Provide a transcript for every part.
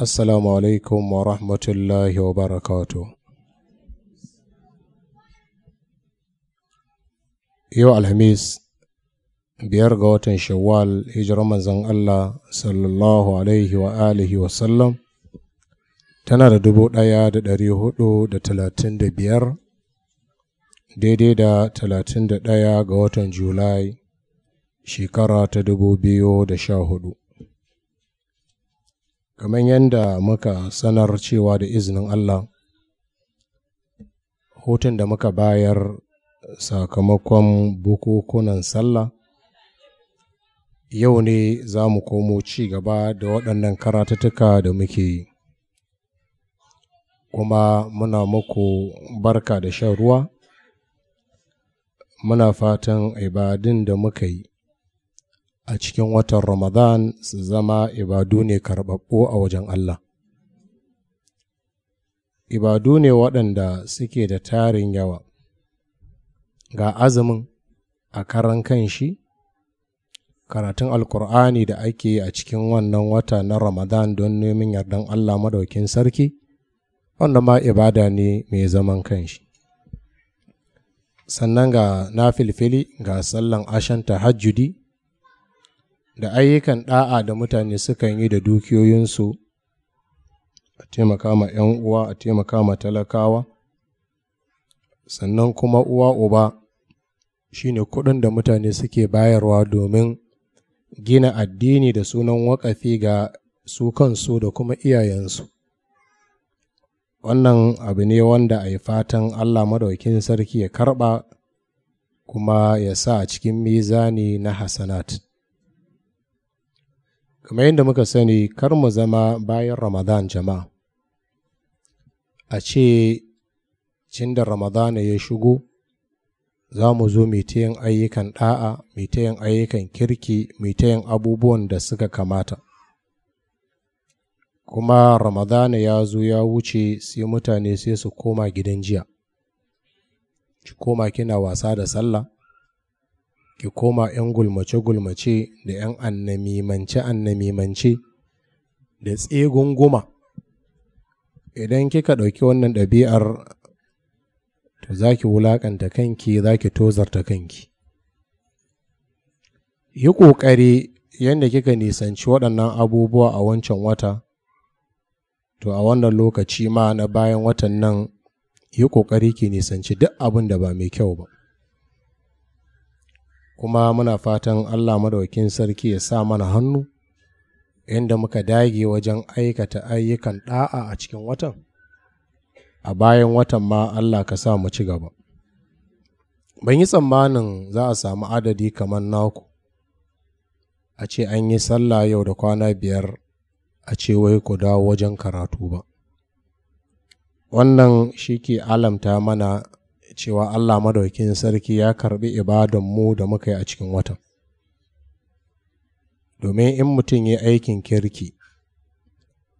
Assalamu alaikum wa rahmatullahi wa barakatu. Yau Alhamis, biyar ga watan Shawwal, hijirar manzan Allah sallallahu alaihi wa alihi wa sallam, tana da dubu ɗaya da ɗari hudu da talatin da biyar, daidai da talatin da ɗaya ga watan Julai, shekara ta dubu biyu da sha hudu. kamar yadda muka sanar cewa da izinin Allah hutun da muka bayar sakamakon bukukunan sallah yau ne za mu komo ci gaba da waɗannan karatattuka da muke yi kuma muna muku barka da shan ruwa muna fatan ibadin da muka yi a cikin watan Ramadan su zama ibadu ne karɓaɓɓu a wajen Allah. Ibadu ne waɗanda suke da tarin yawa, ga azumin a karan kan shi, karatun alkur'ani da ake a cikin wannan wata na Ramadan don neman yardan Allah madaukin sarki, wanda ma ibada ne mai zaman kanshi. Sannan ga na filfili ga sallan ashan hajjudi. da ayyukan ɗa'a da mutane sukan yi da dukiyoyinsu a taimaka ma 'yan uwa a taimaka ma talakawa sannan kuma uwa uba shine kuɗin da mutane suke bayarwa domin gina addini da sunan wakafi ga su kansu da kuma iyayensu wannan abu ne wanda a yi fatan allah madaukin sarki ya karɓa kuma ya sa a cikin mizani na hasanat kamar yadda muka sani kar mu zama bayan ramadan jama'a a ce cin da ramadana ya shigo za mu zo mai tayan ayyukan ɗa'a mai tayan ayyukan kirki mai tayan abubuwan da suka kamata kuma ramadana ya zo ya wuce sai mutane sai su koma gidan jiya ki koma kina wasa da sallah ki koma 'yan gulmace-gulmace da 'yan annamimance-annamimance da tsegun goma idan kika ɗauki wannan ɗabi'ar to za ki wulaƙanta kanki za ki tozarta kanki yi ƙoƙari yadda kika nisanci waɗannan abubuwa a wancan wata to a wannan lokaci ma na bayan watan nan yi ƙoƙari ki nisanci duk abin da ba mai kyau ba kuma muna fatan allah madaukin sarki ya sa mana hannu inda muka dage wajen aikata ayyukan ɗa'a a cikin watan a bayan watan ma allah ka sa mu ci gaba ban yi tsammanin za a samu adadi kamar naku a ce an yi sallah yau da kwana biyar a ce wai ku dawo wajen karatu ba wannan shi ke alamta mana cewa Allah madaukin sarki ya karbi ibadan mu da muka yi a cikin watan domin in mutum ya aikin kirki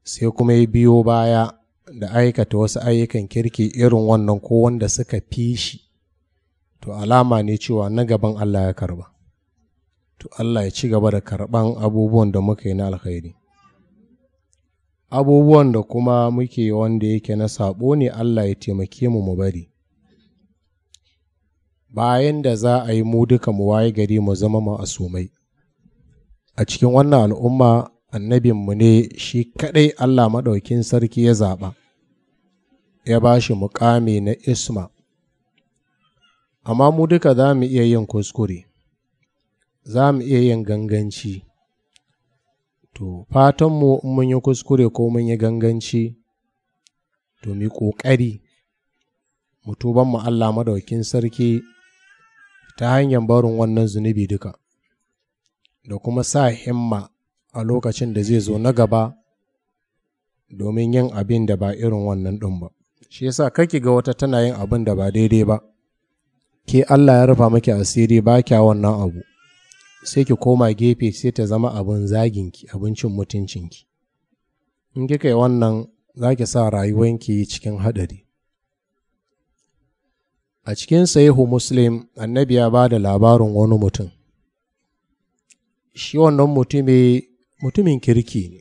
sai kuma ya biyo baya da aikata wasu ayyukan kirki irin wannan ko wanda suka fi shi to alama ne cewa na gaban Allah ya karba to Allah ya ci gaba da karban abubuwan da muka yi na alkhairi abubuwan da kuma muke wanda yake na sabo ne Allah ya taimake mu mu bari bayan da za a yi mu duka mu waye gari mu zama ma'asumai a cikin wannan al'umma annabinmu ne shi kaɗai Allah maɗaukin sarki ya zaɓa ya ba shi muƙami na isma amma mu duka za mu iya yin kuskure za mu iya yin ganganci to fatanmu in mun yi kuskure ko mun yi ganganci to mu yi ƙoƙari mu tuban Allah maɗaukin sarki ta hanyar barin wannan zunubi duka da kuma sa himma a lokacin da zai zo na gaba domin yin abin da ba irin wannan ɗin ba shi yasa kake ga wata tana yin abin da ba daidai ba ke Allah ya rufa maki asiri ba kya wannan abu sai ki koma gefe sai ta zama abin zaginki abincin mutuncinki in kika yi wannan za ki sa rayuwanki cikin haɗari a cikin sahihu muslim annabi ya ba da labarin wani mutum shi wannan mutumi mutumin kirki ne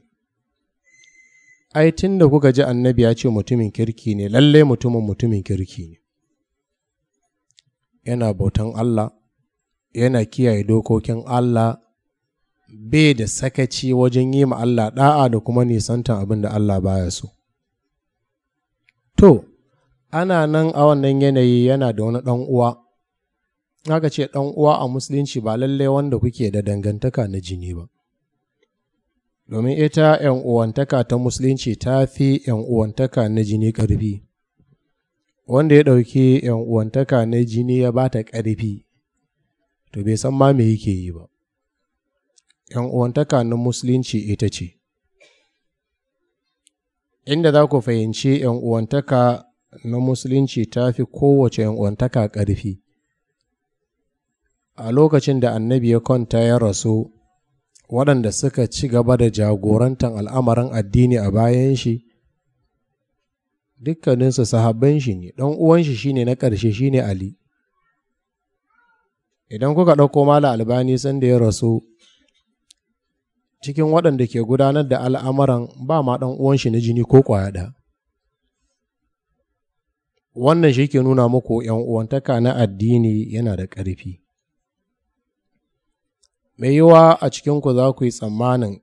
ai tun da kuka ji annabi ya ce mutumin kirki ne lallai mutumin mutumin kirki ne yana bautan allah yana kiyaye dokokin allah bai da sakaci wajen yi ma allah da'a da kuma nisantan abin da allah baya so to ana nan a wannan yanayi yana da wani ɗan uwa haka ce ɗan uwa a musulunci ba lalle wanda kuke da dangantaka na jini ba domin ita ‘yan uwantaka ta musulunci ta fi ‘yan uwantaka na jini ƙarfi wanda ya ɗauki ‘yan uwantaka na jini ya ba ta ƙarfi to bai san ma me yake yi ba ‘yan uwantaka na musulunci ita ce inda za ku fahimci ‘yan uwantaka na musulunci ta fi kowace yankwantaka ƙarfi a lokacin da annabi ya kwanta ya rasu waɗanda suka ci gaba da jagorantar al'amarin addini a bayan shi dukkaninsu sahabban shi ne ɗan uwan shi shine na ƙarshe shine ali idan kuka ɗauko mala albani sanda ya rasu cikin waɗanda ke gudanar da al'amuran ba ma ɗan uwanshi na jini ko ƙwaya wannan shi ke nuna muku uwantaka na addini yana da ƙarfi mai yiwa a cikinku za ku yi tsammanin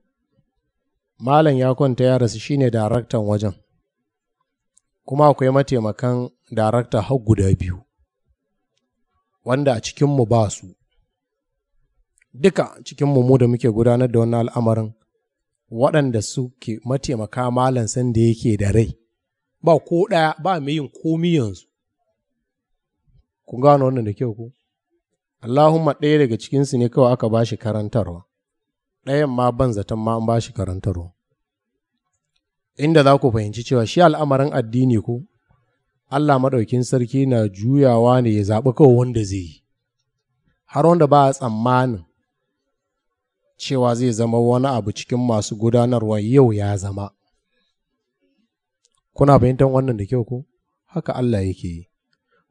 malam ya kwanta ya rasu shine daraktan wajen kuma akwai mataimakan darakta har guda biyu wanda a cikinmu ba su duka cikinmu mu da muke gudanar da wani al'amarin waɗanda suke mataimaka malam sanda yake da rai ba ko ɗaya ba mai yin komi yanzu kun gano wannan da kyau ku Allahumma ɗaya daga cikinsu ne kawai aka ba shi karantarwa ɗayan ma ban zaton ma an ba shi karantarwa inda za ku fahimci cewa shi al'amarin addini ku. Allah maɗaukin sarki na juyawa ne ya zaɓi kawai wanda zai yi har wanda ba a tsammanin cewa zai zama wani abu cikin masu gudanarwa yau ya zama kuna fahimtar wannan da kyau ko haka Allah yake yi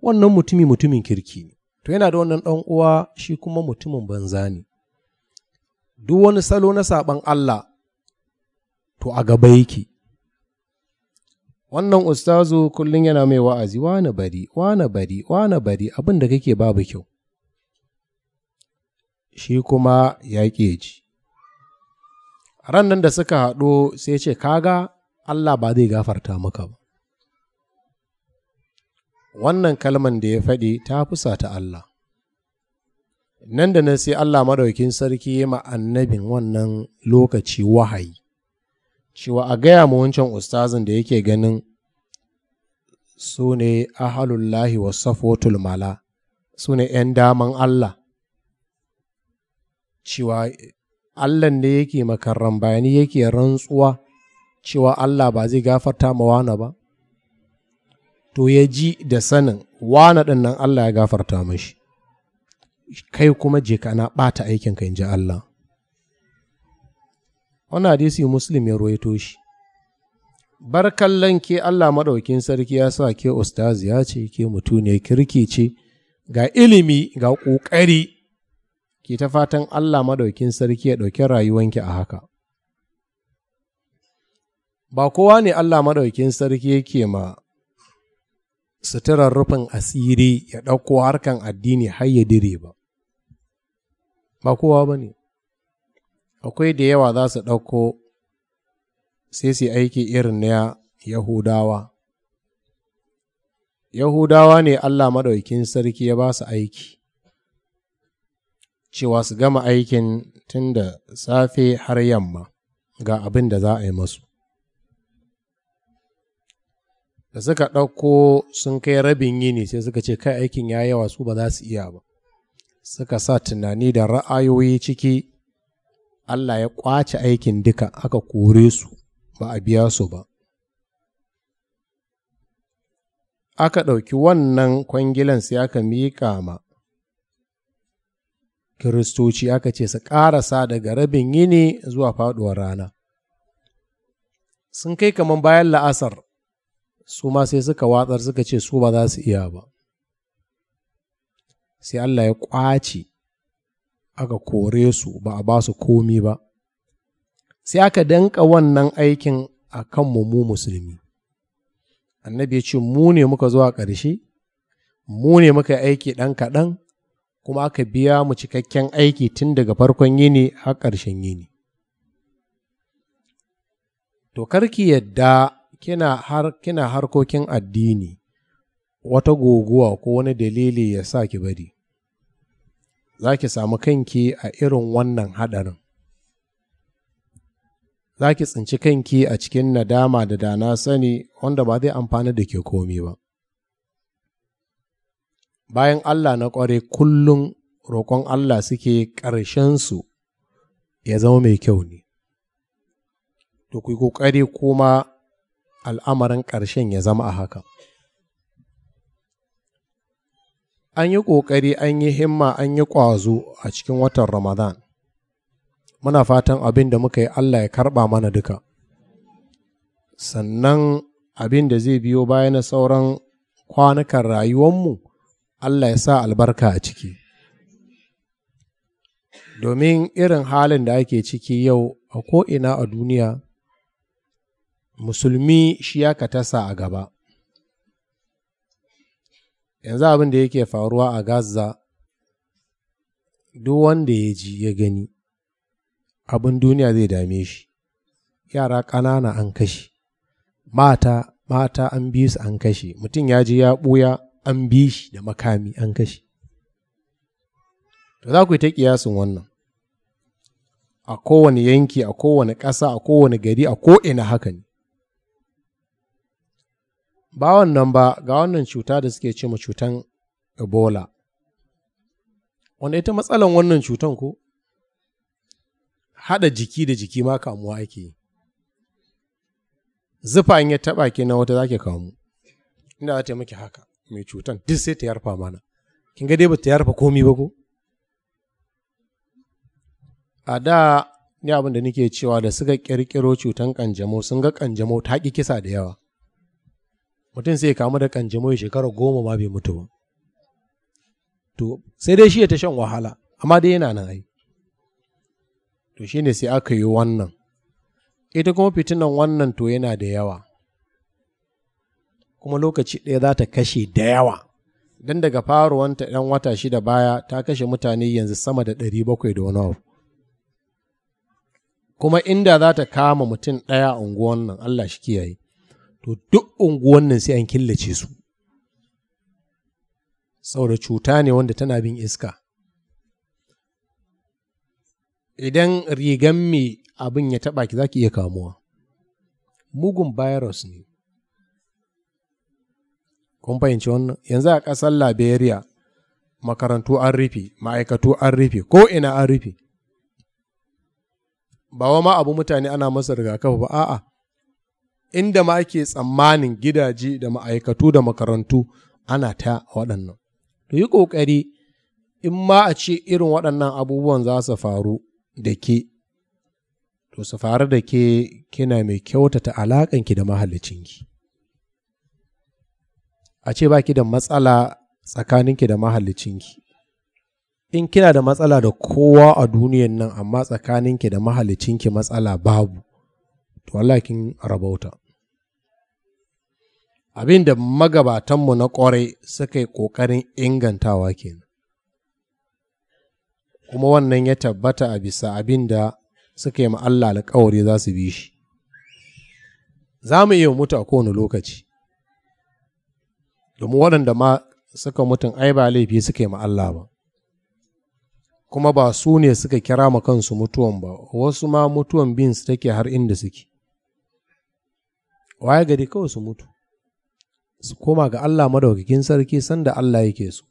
wannan mutumi mutumin kirki ne to yana da wannan ɗan uwa shi kuma mutumin banza ne duk wani salo na saɓan Allah to a gaba yake wannan ustazu kullum yana mai wa'azi wani bari wani bari wani bari abin da kake babu kyau shi kuma ya ji ran nan da suka haɗu sai ce kaga Allah ba zai gafarta maka ba wannan kalman da ya faɗi ta fusa ta Allah nan da nan sai Allah maɗaukin sarki ya ma annabin wannan lokaci wahayi cewa a gaya mu wancan ustazin da yake ganin su ne ahalullahi wa safotul mala su ne ‘yan daman Allah cewa Allah ne yake bayani yake rantsuwa cewa Allah ba zai gafarta ma wana ba to ya ji da sanin wana ɗin nan Allah ya gafarta mashi kai kuma je na ɓata aikinka in ji Allah wani hadisi muslim ya ruwaito shi bar kallon ke Allah maɗaukin sarki ya sa ke ya ce ke mutuniyar kirki ce ga ilimi ga ƙoƙari ke ta fatan Allah maɗaukin sarki ya ɗauki rayuwanki a haka ba kowa ne Allah maɗaukin sarki yake ma suturar rufin asiri ya ɗauko harkan addini har ya dire ba ba kowa ba ne akwai da yawa za su ɗauko sai su aiki irin na yahudawa yahudawa ne Allah maɗaukin sarki ya ba su aiki cewa su gama aikin tun da safe har yamma ga abin da za a yi masu da suka ɗauko sun kai rabin yini sai suka ce kai aikin ya yawa su ba za su iya ba suka sa tunani da ra'ayoyi ciki Allah ya ƙwace aikin duka aka kore su ba a biya su ba aka ɗauki wannan kwangilan sai aka miƙa ma kiristoci aka ce su ƙarasa daga rabin yini zuwa faɗuwar rana sun kai kamar bayan la'asar su ma sai suka watsar suka ce su ba za su iya ba sai Allah ya ƙwace aka kore su ba a ba su komi ba sai aka danka wannan aikin a kan mu musulmi annabi ya ce mu ne muka zuwa ƙarshe mu ne muka aiki ɗan kaɗan kuma aka biya mu cikakken aiki tun daga farkon yini har ƙarshen yini to karki yadda kina har kina harkokin addini wata goguwa ko wani dalili ya sa ki bari za ki samu kanki a irin wannan haɗarin za ki tsinci kanki a cikin nadama da dana sani wanda ba zai amfani da ke komi ba bayan allah na ƙware kullum roƙon allah suke ƙarshensu ya zama mai kyau ne to ku yi ƙoƙari kuma al'amarin ƙarshen ya zama a haka. An yi ƙoƙari an yi himma an yi ƙwazo a cikin watan Ramadan, muna fatan abin da muka yi Allah ya karɓa mana duka. Sannan abin da zai biyo bayan na sauran kwanukan rayuwanmu, Allah ya sa albarka a ciki. Domin irin halin da ake ciki yau a ko'ina a duniya, musulmi shi ya katasa a gaba yanzu abin da yake faruwa a gaza duk wanda ya ji ya gani abin duniya zai dame shi yara ƙanana an kashe mata mata an bi su an kashe mutum ya ji ya ɓuya an bi shi da makami an kashe za ku yi ta ƙiyasin wannan a kowane yanki a kowane ƙasa a kowane gari a ko'ina haka ne ba wannan ba ga wannan cuta da suke ce cutan ebola wanda ita matsalan wannan cutan ko haɗa jiki da jiki ma kamuwa ake yi zufa in ya taɓa ke na wata zake kamu inda za ta yi maki haka mai cutan duk sai ta yarfa mana kin ga dai ba ta yarfa komi ba ko a da ni abin da nake cewa da suka kirkiro cutan kanjamau sun ga ƙanjamau ta ki kisa da yawa mutum sai kamu da kan ya shekara goma ma bai mutu ba to sai dai shi ya ta shan wahala amma dai yana nan ai to shine sai aka yi wannan ita kuma fitinan wannan to yana da yawa kuma lokaci ɗaya za ta kashe da yawa don daga faruwanta ɗan wata shida baya ta kashe mutane yanzu sama da ɗari bakwai da wani abu kuma inda za ta kama mutum ɗaya unguwan nan Allah shi kiyaye to duk unguwan nan sai an killace su saboda cuta ne wanda tana bin iska idan rigan mai abin ya taba ki za ki iya kamuwa mugun virus ne kun fahimci wannan yanzu a ƙasar liberia makarantu an rufe ma'aikatu an rufe ko ina an rufe ba wa ma abu mutane ana masa rigakafi ba a'a inda ma ake tsammanin gidaje da ma'aikatu da makarantu ana ta waɗannan to yi ƙoƙari in ma a ce irin waɗannan abubuwan za su faru da ke to su faru da ke kina mai kyautata alaƙanki da mahalicinki a ce ba ki da matsala tsakaninki da mahalicinki in kina da matsala da kowa a duniyan nan amma tsakaninki da mahalicinki matsala babu to Allah kin rabauta abin da magabatanmu na ƙwarai suka yi ƙoƙarin ingantawa kenan kuma wannan ya tabbata a bisa abin da suka yi Allah alƙawari za su bi shi za mu iya mutu a kowane lokaci domin waɗanda ma suka mutum ai ba laifi suka yi Allah ba kuma ba su ne suka kira ma kansu mutuwan ba wasu ma mutuwan bin su take har inda suke waye gari kawai su mutu su koma ga Allah madaukakin sarki sanda Allah yake so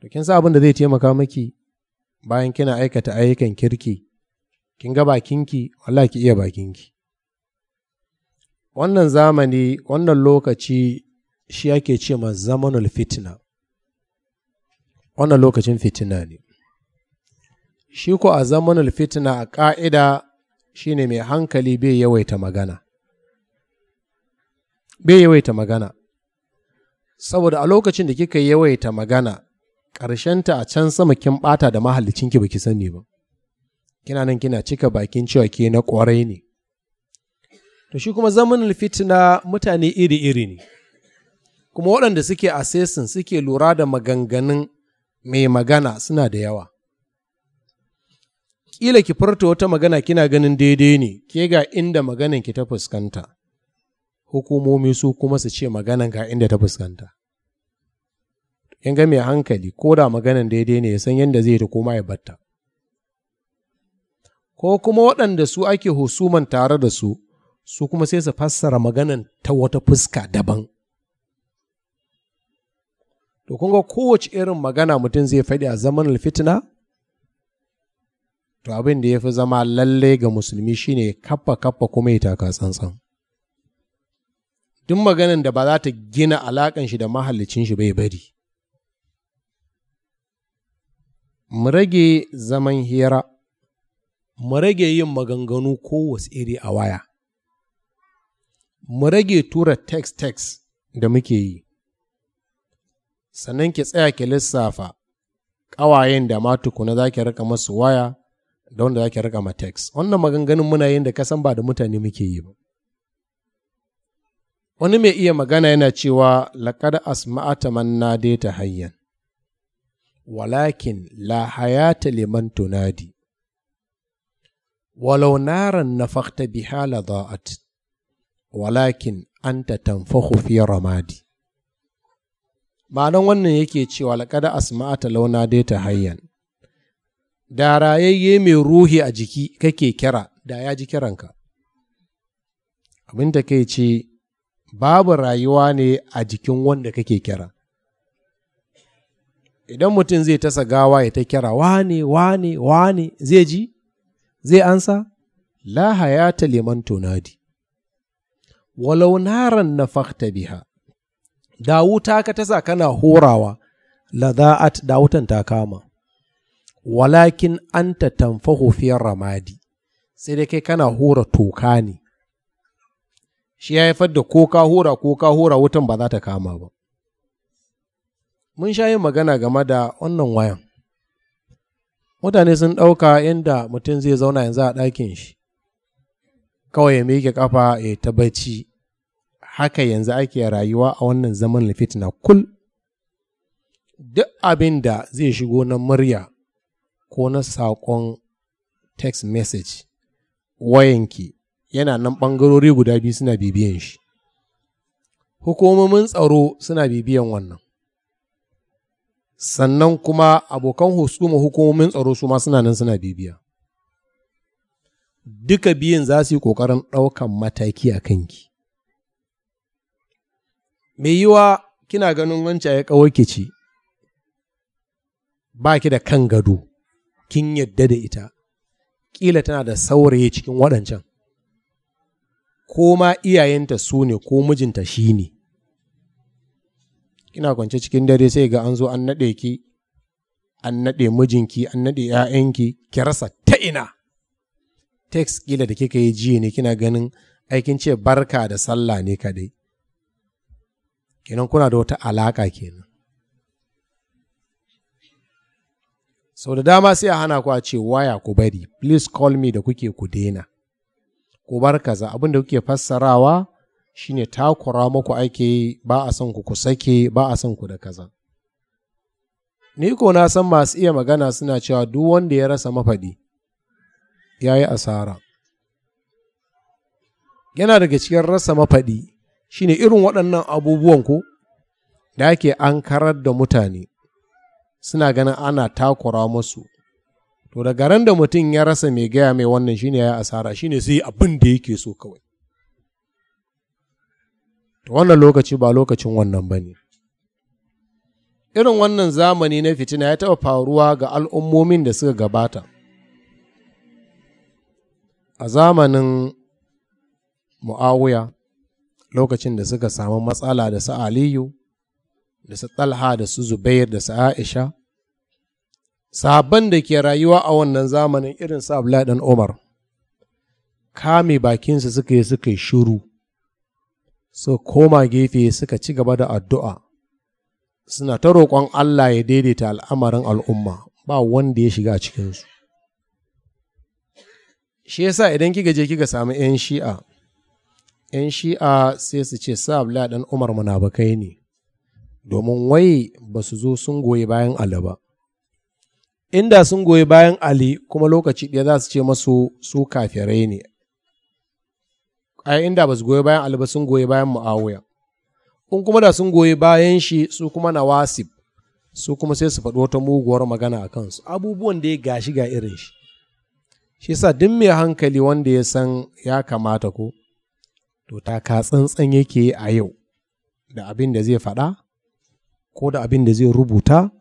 to kin sa abin da zai taimaka maki bayan kina aikata ayyukan kirki kin ga bakinki Allah ki iya bakinki wannan zamani wannan lokaci shi ake ce ma zamanul fitna wannan lokacin fitina ne shi ko a zamanul fitina a ƙa'ida shine mai hankali bai yawaita magana bai yawaita magana saboda a lokacin da kika yawaita magana ƙarshenta a can sama kin bata da mahallicinki baki sani ba kina nan kina cika bakin cewa ke na ƙwarai ne to shi kuma zaman fitina mutane iri-iri ne kuma waɗanda suke assessin suke lura da maganganun mai magana suna da yawa ƙila ki furta wata magana kina ganin daidai ne ke ga inda maganan ki ta fuskanta hukumomi su kuma su ce maganan ga inda ta fuskanta in ga mai hankali ko da maganan daidai ne ya san yadda zai ta koma ya batta ko kuma waɗanda su ake husuman tare da su su kuma sai su fassara maganan ta wata fuska daban to kun ga kowace irin magana mutum zai faɗi a zaman fitina to abin da ya fi zama lallai ga musulmi shine kafa kappa kuma ya taka tsantsan duk maganan da ba za ta gina alaƙan shi da mahallicin shi bai bari mu rage zaman hira mu rage yin maganganu kowace iri a waya mu rage tura text-text da muke yi sannan ki tsaya ki lissafa ƙawayen da ma tukuna za ki rika masu waya da wanda za ki rika ma text wannan maganganun muna yin da kasan ba da mutane muke yi ba wani mai iya magana yana cewa laƙad asma'ata dai ta hanyar.' walakin la ta liman tunadi walau naran fakta bi hala za'at walakin an anta tamfa fi ramadi ma'anan wannan yake cewa laƙad asma'ata launa ta hanyar.' da rayayye mai ruhi a jiki kake kira da ya ji kiranka abin da kai ce babu rayuwa ne a jikin wanda kake kira idan mutum zai tasa gawa ya ta kira wane wane wane zai ji zai ansa la hayata liman tunadi walau naran na fakta biha da wuta ka tasa kana horawa lada'at da wutan ta kama walakin anta tanfahu fi ramadi sai dai kai kana hura toka ne shi ya haifar da ko ka hura ko ka hura wutan ba za ta kama ba mun sha yin magana game da wannan wayan mutane sun ɗauka inda mutum zai zauna yanzu a ɗakin shi kawai ya miƙe ƙafa ya ta bacci haka yanzu ake rayuwa a wannan zaman fitna kul duk abin da zai shigo na murya ko na saƙon text message wayanki yana nan ɓangarori guda biyu suna bibiyan shi hukumomin tsaro suna bibiyan wannan sannan kuma abokan husuma hukumomin tsaro su ma suna nan suna bibiya duka biyun za su yi ƙoƙarin ɗaukan mataki a kanki mai yiwa kina ganin wancan ya ƙawarki ce ba ki da kan gado kin yadda da ita ƙila tana da saurayi cikin waɗancan ko ma iyayenta su ne ko mijinta shi ne kina kwance cikin dare sai ga an zo an naɗe ki an naɗe mijinki an naɗe 'ya'yanki ki rasa ta ina teks kila da kika yi jiya ne kina ganin aikin ce barka da sallah ne kadai kenan kuna da wata alaka kenan sau da dama sai a hana ku a ce waya ku bari please call me da kuke ku daina ku kaza abin da kuke fassarawa shine takura muku ake yi ba a son ku ku sake ba a son ku da kaza ni ko na san masu iya magana suna cewa duk wanda ya rasa mafaɗi ya yi asara yana daga cikin rasa mafaɗi shine irin waɗannan abubuwan ku? da ake an karar da mutane suna ganin ana takura musu to da ran da mutum ya rasa mai gaya mai wannan shine ya asara shine sai abin da yake so kawai to wannan lokaci ba lokacin wannan ba ne irin wannan zamani na fitina ya taɓa faruwa ga al'ummomin da suka gabata a zamanin mu'awuya lokacin da suka samu matsala da su aliyu da su talha da su zubair da su aisha Sabon da ke rayuwa a wannan zamanin irin sa dan Umar kame bakinsu suka yi suka yi shiru su koma gefe suka ci gaba da addu'a suna ta roƙon Allah ya daidaita al'amarin al'umma ba wanda ya shiga cikinsu shi yasa idan kika je kika samu 'yan shi'a 'yan shi'a sai su ce sa Abdullahi dan Umar munafukai ne domin wai ba su zo sun goyi bayan alaba ba inda sun goyi bayan Ali kuma lokaci ɗaya za su ce masu su kafirai ne ai inda ba su goyi bayan Ali ba sun goyi bayan Muawiya in kuma da sun goyi bayan shi su kuma na wasif su kuma sai su faɗi wata muguwar magana a kansu abubuwan da ya gashi ga irin shi shi sa duk mai hankali wanda ya san ya kamata ko to ta ka tsantsan yake a yau da abin da zai faɗa ko da abin da zai rubuta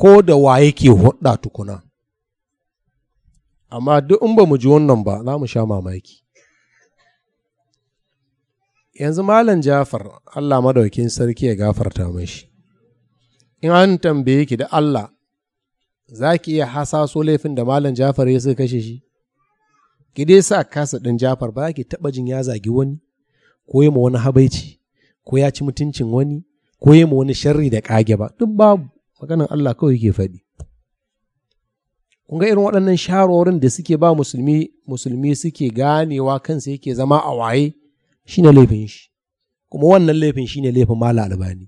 ko da wa yake hudda tukuna amma duk in ba mu ji wannan ba za mu sha mamaki yanzu malam jafar allah madaukin sarki ya gafarta mashi in an tambaye ki da allah za ki iya hasaso laifin da malam jafar ya suka kashe shi ki dai sa kasa ɗin jafar ba ki taɓa jin ya zagi wani ko ya ma wani habaici ko ya ci mutuncin wani ko ya ma wani sharri da kage ba duk babu maganan Allah kawai yake faɗi kun ga irin waɗannan sharorin da suke ba musulmi musulmi suke ganewa kansa yake zama a waye shi ne laifin shi kuma wannan laifin shi ne laifin mala albani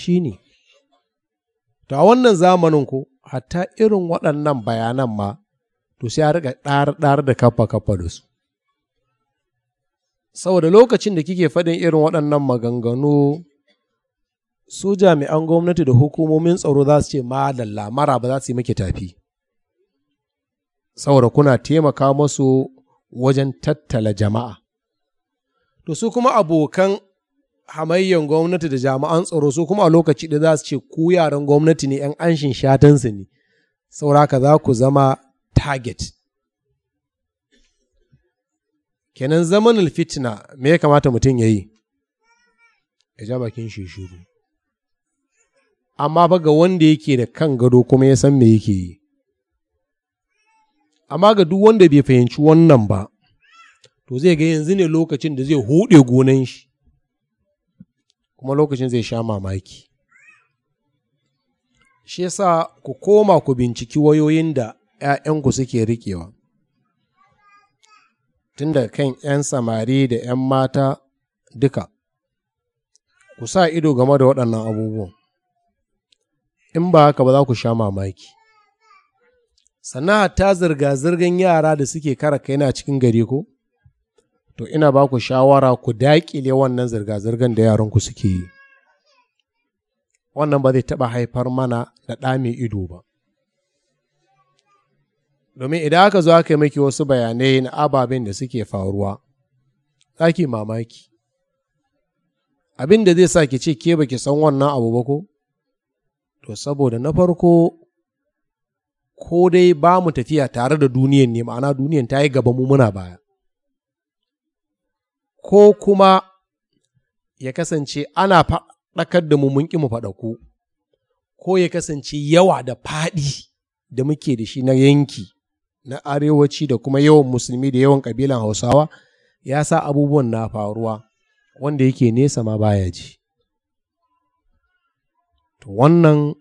shi to a wannan zamanin ko hatta irin waɗannan bayanan ma to sai a riƙa ɗar-ɗar da kafa-kafa da su saboda lokacin da kike faɗin irin waɗannan maganganu su jami'an gwamnati da hukumomin tsaro za su ce madalla mara ba za su yi muke tafi saboda kuna taimaka masu wajen tattala jama'a to su kuma abokan hamayyan gwamnati da jami'an tsaro su kuma a lokaci da za su ce ku yaran gwamnati ne 'yan anshin shatansu ne sauraka za ku zama target kenan zaman alfitina me ya kamata mutum ya yi ya ja bakin shi shiru amma ba ga wanda yake da kan gado kuma ya san me yake yi amma ga duk wanda bai fahimci wannan ba to zai ga yanzu ne lokacin da zai hude gonan shi kuma lokacin zai sha mamaki shi yasa ku koma ku binciki wayoyin da 'ya'yanku suke riƙewa tun da kan 'yan samari da 'yan mata duka ku sa ido game da waɗannan abubuwan in ba haka ba za ku sha mamaki sana'a ta zirga-zirgan yara da suke kara kaina cikin gari ko to ina ba ku shawara ku daƙile wannan zirga-zirgan da yaranku suke yi wannan ba zai taɓa haifar mana da ɗa mai ido ba domin idan aka zo aka yi maki wasu bayanai na ababen da suke faruwa za ki mamaki abin da zai sa ki ce ke baki san wannan abu ba ko to saboda na farko ko dai ba mu tafiya tare da duniyan ne ma'ana duniyan ta yi gaba mu muna baya ko kuma ya kasance ana faɗakar da mu mun ƙi mu faɗaku ko ya kasance yawa da faɗi da muke da shi na yanki na arewaci da kuma yawan musulmi da yawan ƙabilan hausawa ya sa abubuwan na faruwa wanda yake nesa ma baya ji to wannan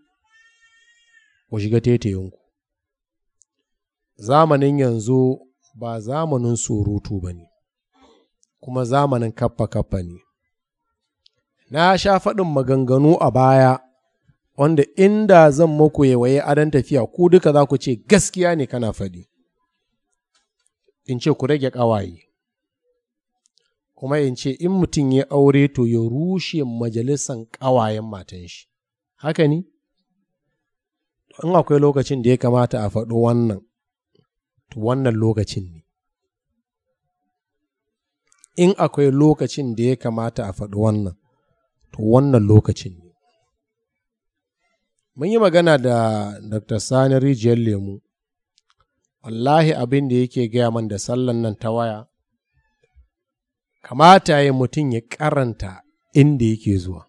ku shiga tetayinku zamanin yanzu ba zamanin surutu ba ne kuma zamanin kaffa-kaffa ne na sha faɗin maganganu a baya wanda inda zan muku yawaye adon tafiya ku duka za ku ce gaskiya ne kana faɗi in ce ku rage ƙawaye kuma in ce in mutum ya aure to ya rushe majalisan ƙawayen matan shi haka ne in akwai lokacin da ya kamata a faɗo wannan to wannan lokacin ne in akwai lokacin da ya kamata a faɗi wannan to wannan lokacin ne mun yi magana da dr sani rijiyar lemu wallahi abin da yake gaya man da sallan nan ta waya kamata ya mutum ya karanta inda yake zuwa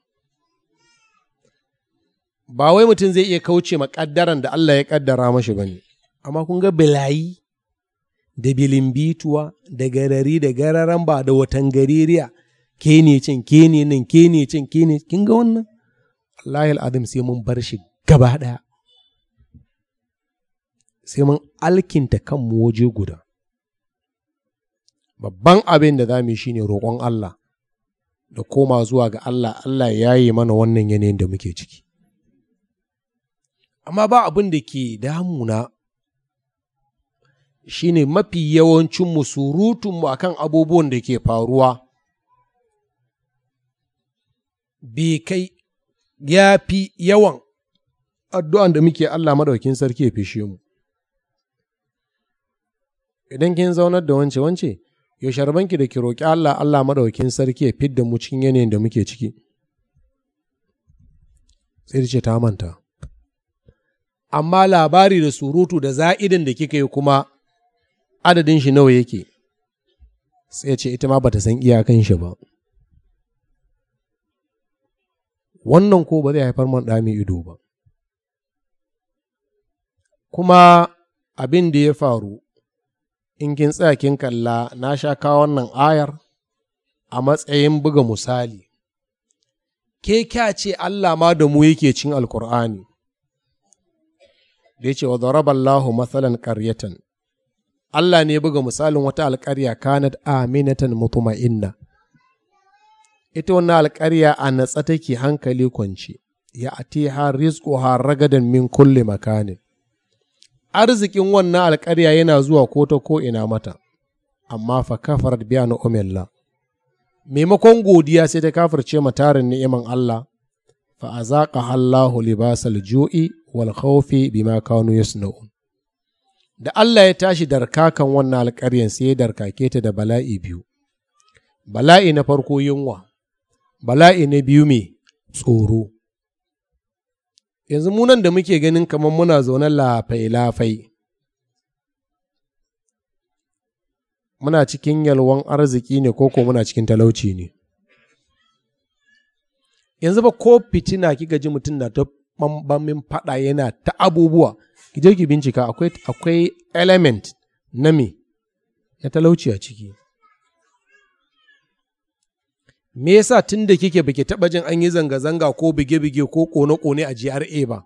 ba wai mutum zai iya kauce ma ƙaddaran da Allah ya ƙaddara mashi ba ne, amma kun ga bilayi da bilimbituwa da garari da gararan ba da watan gaririya ke ne cin ke ne nan ke ne cin ke ne kin ga wannan Allahil azim sai mun bar shi gaba ɗaya sai mun alkinta kanmu waje guda babban abin da za mu yi shine roƙon Allah da koma zuwa ga Allah Allah ya yi mana wannan yanayin da muke ciki amma ba abin da ke damuna shi ne mafi yawancinmu surutunmu a kan abubuwan da ke faruwa bai kai ya fi yawan addu'an da muke Allah maɗaukin sarki ya fishe mu idan kin zaunar da wance wance ya sharbanki da ki roƙi Allah Allah maɗaukin sarki ya fidda mu cikin yanayin da muke ciki sai ce ta manta amma labari da surutu da za'idin da kika yi kuma adadin shi nawa yake sai ce ita ma bata san iyakan shi ba wannan ko ba zai haifar man ɗami ido ba kuma abin da ya faru in kin tsaya kin kalla na sha kawo wannan ayar a matsayin buga misali ke kya ce Allah ma da mu yake cin alkur'ani da ya ce wa zaraballahu matsalan ƙaryatan Allah ne buga misalin wata alƙarya kanat aminatan mutuma'inna ita wannan alƙarya a natsa take hankali kwance ya rizko har ragadan min kulle makanin arzikin wannan alƙarya yana zuwa ko ta ko ina mata amma fa kafarat na umilla maimakon godiya sai ta kafirce ma tarin ni'iman Allah fa azaqa Allahu libasal ju'i wal khawfi bima kanu yasna'un da Allah ya tashi darkakan wannan alƙaryan sai ya darkake ta da bala'i biyu bala'i na farko yunwa bala'i na biyu me tsoro yanzu munan da muke ganin kamar muna zaune lafai-lafai muna cikin yalwan arziki ne koko muna cikin talauci ne yanzu ba ko fitina kika ji mutum na ta bambamin faɗa yana ta abubuwa ki ki bincika akwai element na me na talauci a ciki me yasa tun da kike baki taba jin an yi zanga-zanga ko bige-bige ko kone-kone a GRA ba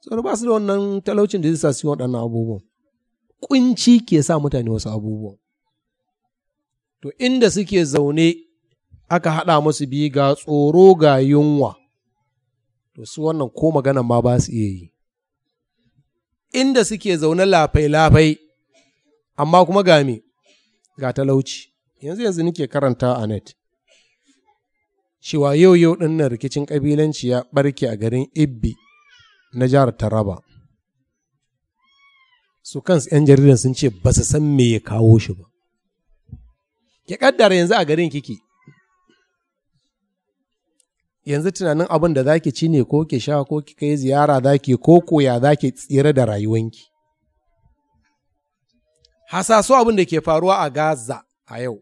saboda ba su da wannan talaucin da zai sa su waɗannan abubuwan kunci ke sa mutane wasu abubuwa to inda suke zaune aka haɗa musu biyu ga tsoro ga yunwa to su wannan ko magana ma ba su iya yi inda suke zaune lafai-lafai amma kuma gami, ga talauci yanzu yanzu nake karanta a net cewa yau yau ɗin nan rikicin ƙabilanci ya ɓarke a garin ibbi na jihar taraba su kansu 'yan jaridan sun ce ba su san me ya kawo shi ba ki ƙaddara yanzu a garin kiki yanzu tunanin abin da zaki ci ne ko ki sha ko ki kai ziyara zaki ko koya zaki tsira da rayuwanki hasaso abin da ke faruwa a gaza a yau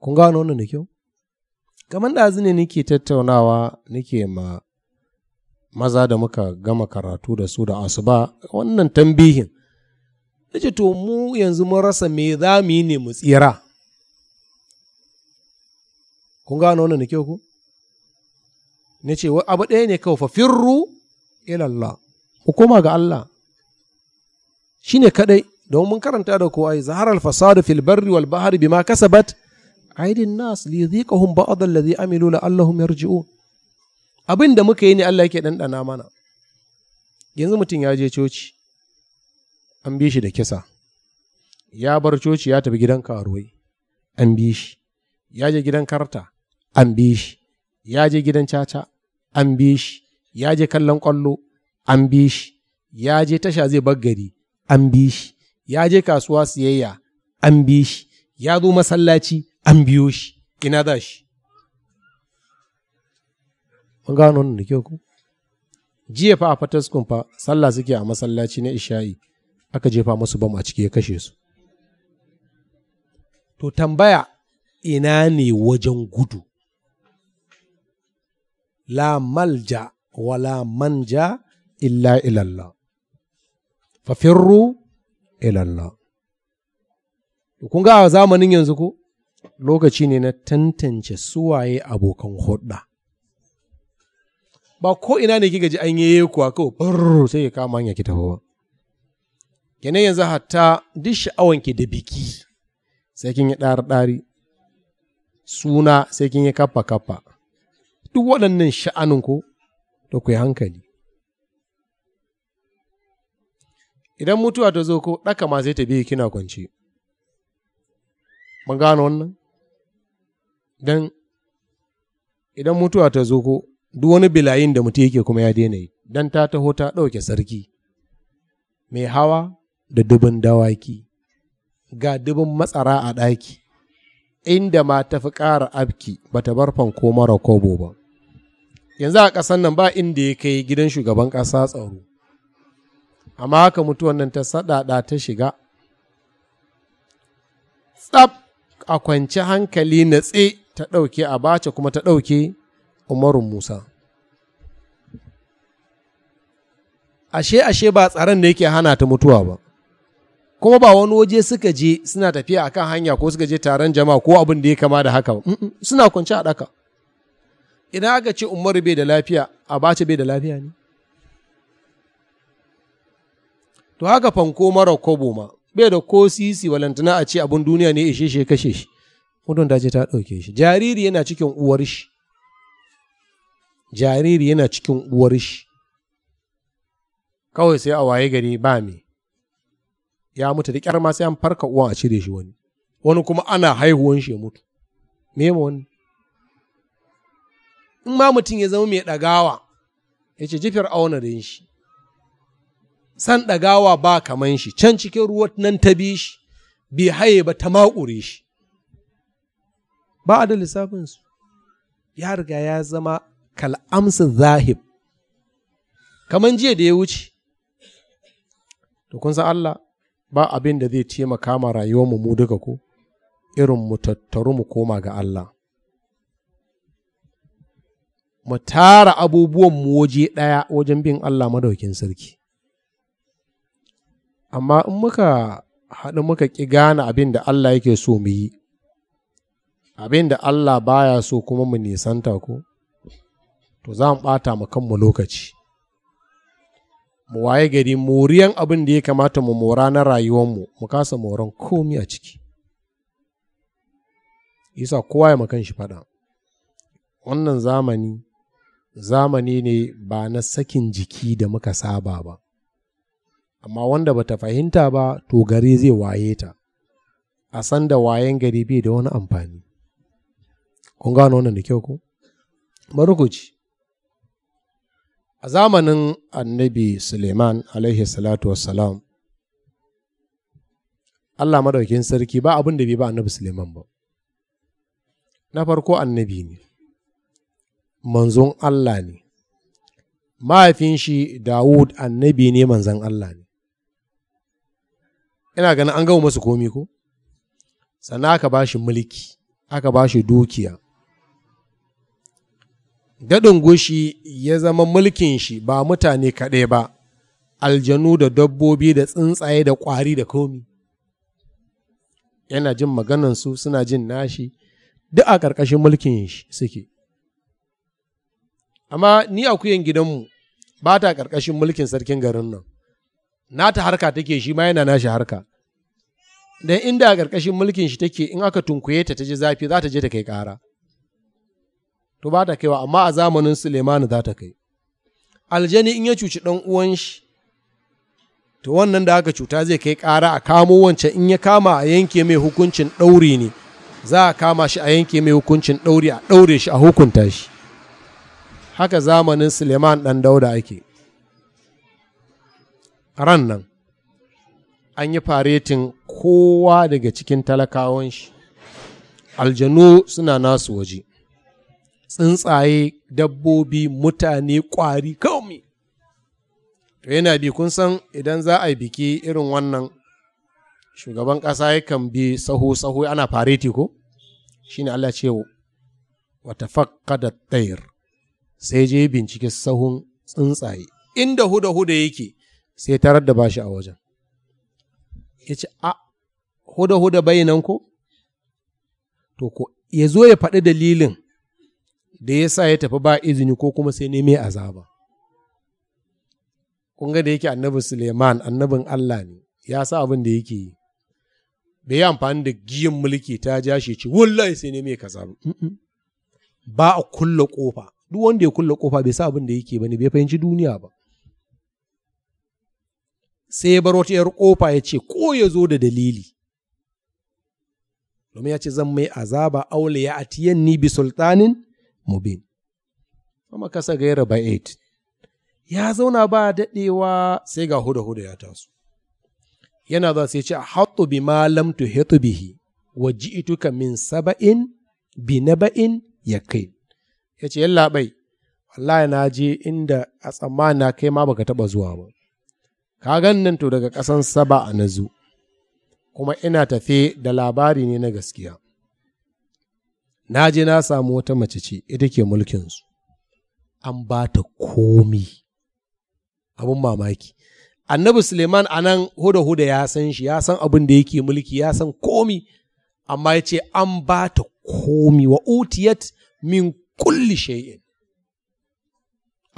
kun gano wannan da kyau kamar da ne nake tattaunawa nake ma maza da muka gama karatu da su da asuba wannan tambihin nace to mu yanzu mun rasa me za mu yi ne mu tsira kun gano wannan da kyau ku na ce abu ɗaya ne kawai fa firru ilallah ku koma ga Allah shi ne kaɗai don mun karanta da kowa zaharar fasadu fil barri wal bahari bima kasabat aidin nas li yadhiqahum ba'd alladhi amilu la'allahum yarji'un abin da muka yi ne Allah yake ɗanɗana mana yanzu mutum ya je coci an bi shi da kisa ya bar coci ya tafi gidan karuwai an bi shi ya je gidan karta an bi shi ya je gidan caca an bi shi ya je kallon kwallo an bi shi ya je tasha zai bar gari an bi shi ya je kasuwa siyayya an bi shi ya zo masallaci an biyo shi ina za shi mun gano wannan da kyau ku jiya fa a fataskun fa sallah suke a masallaci na isha'i aka jefa masu bam a ciki ya kashe su to tambaya ina ne wajen gudu la malja wala manja illa ilallah fafirru ilallah kun ga a zamanin yanzu ko lokaci ne na tantance suwaye abokan hudda ba ko ina ne kika ji an yeku a kawo barro sai ya kama hanya ki tafi ba kenan yanzu hatta duk sha'awanki da biki sai kin yi ɗari ɗari suna sai kin yi kappa kappa duk waɗannan sha'anin ko da ku yi hankali idan mutuwa ta zo ko ɗaka ma sai ta biyu kina kwance mun gano wannan don idan mutuwa ta zo ko duk wani bilayin da mutu yake kuma ya daina yi don ta taho ta ɗauke sarki mai hawa da dubin dawaki ga dubin matsara a ɗaki inda ma ta fi ƙara abki ba ta bar fanko mara kobo ba yanzu a ƙasan nan ba inda ya kai gidan shugaban ƙasa tsaro amma haka mutuwan nan ta saɗaɗa ta shiga tsab a kwanci hankali na tse ta ɗauke a bace kuma ta ɗauke umarun musa ashe ashe ba tsaron da yake hana ta mutuwa ba kuma ba wani waje suka je suna tafiya akan hanya ko suka je taron jama'a ko abin da ya kama da haka suna kwance a ɗaka idan aka ce umaru bai da lafiya abacha bai da lafiya ne to haka fanko mara kobo ma bai da ko sisi walantana a ce abin duniya ne ishe shi kashe shi mutum ta ce ta ɗauke shi jariri yana cikin uwar shi jariri yana cikin uwar shi kawai sai a waye gari ba me ya mutu da kyar ma sai an farka uwan a cire shi wani wani kuma ana haihuwan shi ya mutu me ma wani in ma mutum ya zama mai ɗagawa ya ce jifar auna da shi san ɗagawa ba kaman shi can cikin ruwa nan ta bi shi bi haye ba ta maƙure shi ba a da lissafinsu ya riga ya zama kal'amsa zahib kaman jiya da ya wuce to kun san Allah ba abin da zai taimaka ma rayuwarmu mu duka ko irin mu tattaru mu koma ga Allah mu tara abubuwan mu waje ɗaya wajen bin Allah madaukin sarki amma in muka haɗu muka ƙi gane abin da Allah yake so mu yi abin da Allah baya so kuma mu nisanta ko to za mu ɓata mu kanmu lokaci mu waye gari moriyan abin da ya kamata mu mora na rayuwar mu kasa moran komi a ciki isa kowa ya makan shi faɗa wannan zamani zamani ne ba na sakin jiki da muka saba ba amma wanda bata fahimta ba to gari zai waye ta a san da wayen gari bai da wani amfani kun gano wannan da kyau ko marukuci a zamanin annabi suleiman alaihi salatu wassalam allah madaukin sarki ba abin da bai ba annabi suleiman ba na farko annabi ne manzon allah ne mahaifin shi dawud annabi ne manzon allah ne ina ganin an gama masu komi ko sannan aka ba shi mulki aka ba shi dukiya daɗin goshi ya zama mulkin shi ba mutane kaɗai ba aljanu da dabbobi da tsuntsaye da ƙwari da komi yana jin maganansu suna jin nashi duk a ƙarƙashin mulkin shi suke amma ni akuyan gidanmu ba ta ƙarƙashin mulkin sarkin garin nan nata harka take shi ma yana nashi harka don inda a ƙarƙashin mulkin shi take in aka tunkuye ta ta ji zafi za ta je ta kai ƙara to ba ta kaiwa amma a zamanin Sulemanu za ta kai aljani in ya cuci ɗan uwan shi to wannan da aka cuta zai kai ƙara a kamo wancan in ya kama a yanke mai hukuncin ɗauri ne za a kama shi a yanke mai hukuncin ɗauri a ɗaure shi a hukunta shi haka zamanin suleiman ɗan dauda ake ran nan an yi faretin kowa daga cikin talakawan shi aljanu suna nasu waje tsuntsaye dabbobi mutane ƙwari kawai to yana bi kun san idan za a yi biki irin wannan shugaban ƙasa yakan bi saho-saho ana fareti ko ne Allah ce wata da tsayir sai je bincike sahun tsuntsaye inda huda-huda yake sai tarar da bashi a wajen ya ce a huda-huda bayanan ko to ko ya zo ya faɗi dalilin da ya sa ya tafi ba izini ko kuma sai neme azaba kun ga da yake annabi suleiman annabin allah ne ya sa abin da yake yi bai yi amfani da giyan mulki ta ja shi ci wallahi sai neme kaza ba ba a kulla kofa duk wanda ya kulla kofa bai sa abin da yake bane bai fahimci duniya ba sai ya bar wata yar kofa ya ce ko ya zo da dalili domin ya ce zan mai azaba aule ya tiyan ni bi sultanin mubin kuma kasa gaira ba'id ya zauna ba daɗewa sai ga huda-huda ya taso yana za su ce a bi ma lam tuhitu bihi wa min saba'in bi kai. Ya yace yalla bai wallahi na je inda a na kai ma baka taɓa zuwa ba ka gan nan to daga ƙasan saba na zu kuma ina tafe da labari ne na gaskiya na je na samu wata mace ce ita ke su. an ba ta komi abin mamaki annabi suleiman a nan huda-huda ya san shi ya san abin da yake mulki ya san komi amma ya ce an ba ta komi wa utiyat min kulli shay'in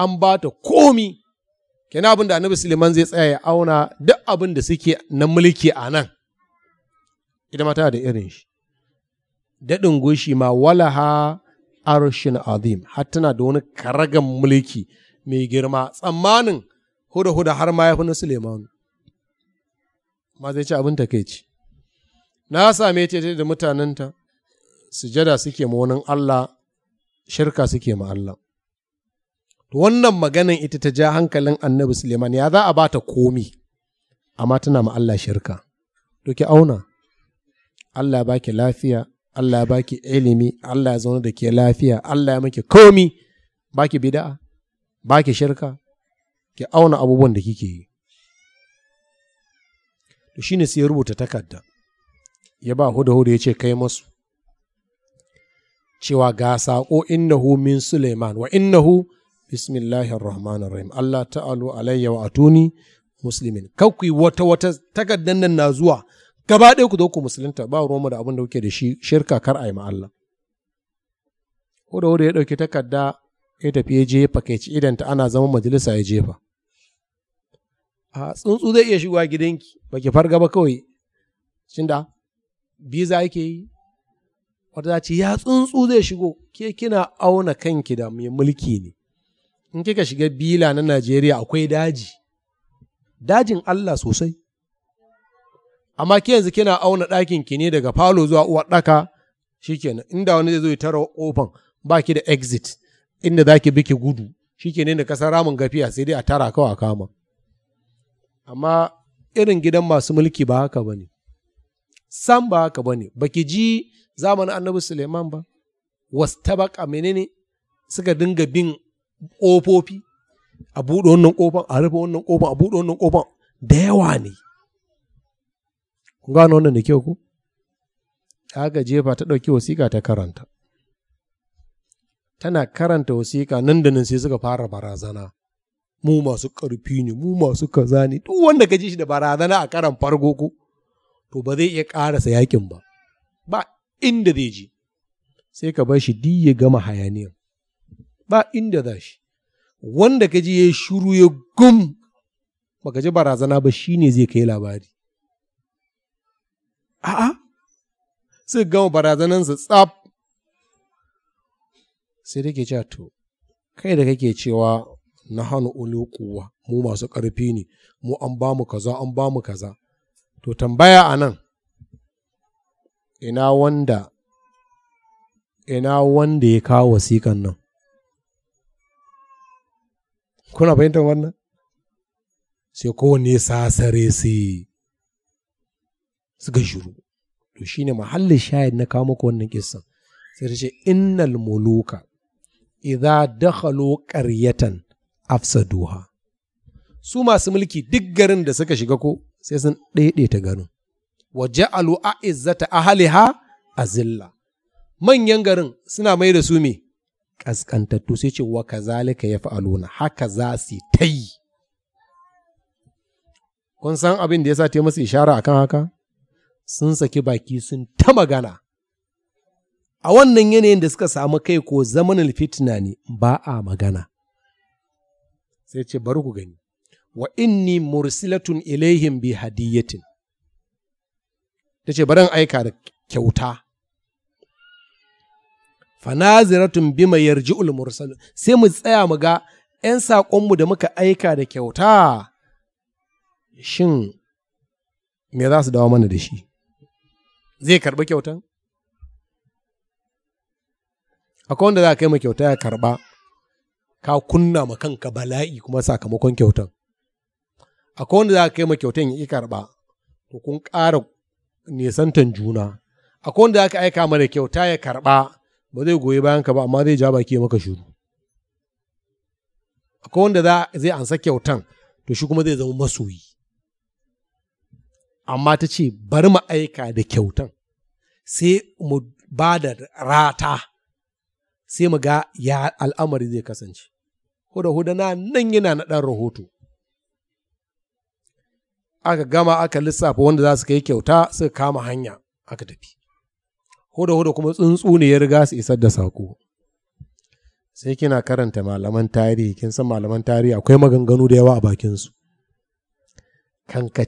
an ba ta komi Kena abin da annabi suleiman zai tsaya ya auna duk abin da suke na mulki a nan ita mata da irin shi daɗin goshi ma wala arshin azim har tana da wani karagan mulki mai girma tsammanin huda huda har ma ya fi na Suleiman. Ma zai ci abin takaici. Na same ta da mutanenta sujada suke ma wani Allah shirka suke ma Allah. Wannan maganan ita ta ja hankalin annabi Suleiman ya za a ba ta komi, amma tana ma Allah shirka. Doki auna, Allah ba ki lafiya, Allah ya baki ilimi Allah ya zaune da ke lafiya Allah ya maki komi baki bida'a baki shirka ki auna abubuwan da kike yi to shine sai ya rubuta takarda ya ba hudu hudu ya ce kai masu cewa ga saƙo innahu min Suleiman wa innahu bismillahir rahmanir rahim Allah ta'alu alayya wa atuni muslimin kawai wata wata takardan nan na zuwa gaba ɗaya ku zo ku musulunta ba ruwanmu da abin da kuke da shi shirka kar a yi Allah. Huda huda ya ɗauki takarda ya tafi ya jefa kai ci idanta ana zama majalisa ya jefa. A tsuntsu zai iya shigowa gidanki ba ki farga ba kawai. Shin da biza yake yi? Wata za ce ya tsuntsu zai shigo ke kina auna kanki da mai mulki ne. In kika shiga bila na Najeriya akwai daji. Dajin Allah sosai. amma ke yanzu kina auna ɗakin ki ne daga falo zuwa uwar ɗaka shikenan inda wani zai zo ya tara kofan ba ki da exit inda za ki bi ki gudu shikenan da kasar ramin gafiya sai dai a tara kawa kama amma irin gidan masu mulki ba haka ba ne sam ba haka ba ne ba ki ji zamanin annabi suleiman ba wasu tabaka menene suka dinga bin ƙofofi a buɗe wannan ƙofan a rufe wannan ƙofan a buɗe wannan ƙofan da yawa ne kun gano wannan da kyau ku aka jefa ta ɗauki wasiƙa ta karanta tana karanta wasiƙa nan da nan sai suka fara barazana mu masu ƙarfi ne mu masu kaza ne duk wanda ka ji shi da barazana a karan farko ko to ba zai iya ƙarasa yakin ba ba inda zai ji sai ka bar shi duk ya gama hayaniyan ba inda za shi wanda ka ji ya shuru ya gum baka ji barazana ba shine zai kai labari a'a sai gama su tsaf sai ke cewa to kai da kake cewa na hannu ulukuwa mu masu ƙarfi ne mu an ba mu kaza an ba mu kaza to tambaya a nan ina wanda ina wanda ya kawo wasiƙan nan kuna fahimtar wannan sai kowane sasare sai suka shiru to shine mahallin shayin na kawo ko wannan kisan. sai ta ce innal muluka idza dakhalu qaryatan afsaduha su masu mulki duk garin da suka shiga ko sai sun daidaita garin wa ja'alu a'izzata ahliha azilla manyan garin suna mai da su me kaskantattu sai ce wa kazalika yaf'aluna haka za su ta yi kun san abin da ya sa ta masa ishara akan haka sun saki baki sun ta magana a wannan yanayin da suka samu kai ko zamanin fitina ne ba a magana sai ce bari ku gani wa inni mursilatun ilaihim bi hadiyatin ta ce bari aika da kyauta fanaziratun bima yarji ulmursal sai mu tsaya mu ga 'yan saƙonmu da muka aika da kyauta shin me za su dawo mana da shi zai karɓi kyautan? Akwai wanda za ka kai ma kyauta ya karɓa, ka kunna ma kanka bala'i kuma sakamakon kyautan. Akwai wanda za ka kai ma kyautan ya ƙi karɓa, to kun ƙara nisantan juna. Akwai wanda za ka aika mana kyauta ya karɓa, ba zai goyi bayan ka ba, amma zai ja baki maka shuru. Akwai wanda zai ansa kyautan, to shi kuma zai zama masoyi. amma ta ce bari mu aika da kyautan sai mu ba da rata sai mu ga ya al'amari zai kasance huda-huda na nan yana na ɗan rahoto aka gama aka lissafa wanda za su kai kyauta suka kama hanya aka tafi huda-huda kuma tsuntsu ne ya riga su isar da saƙo sai kina karanta malaman tarihi kin san malaman tarihi akwai maganganu da yawa a bakinsu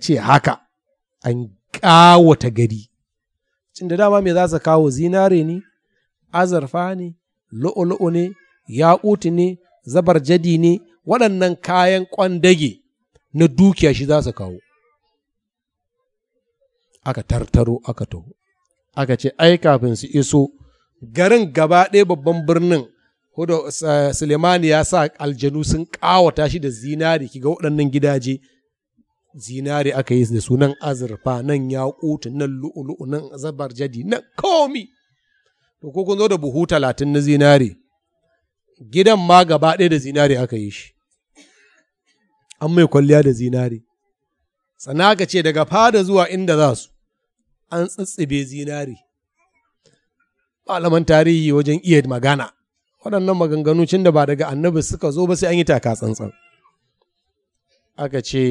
ce haka an ƙawata gari cin da dama me za su kawo zinare ne azarfa ne lo'o-lo'o ne yaƙuti ne zabarjadi ne waɗannan kayan ƙwandage na dukiya shi za su kawo aka tartaro aka taho aka ce ai kafin su iso garin gaba ɗaya babban birnin Hudu Sulemani ya sa aljanu sun ƙawata shi da zinari ga waɗannan gidaje zinari aka yi da sunan azurfa nan yaƙutu nan lu'ulu'u nan zabar jadi nan komi to ko kun zo da buhu talatin na zinari gidan ma gaba ɗaya da zinari aka yi shi an mai kwalliya da zinari sana ka ce daga fada zuwa inda za su an tsitsibe zinari malaman tarihi wajen iya magana waɗannan maganganu cin da ba daga annabi suka zo ba sai an yi taka tsantsan aka ce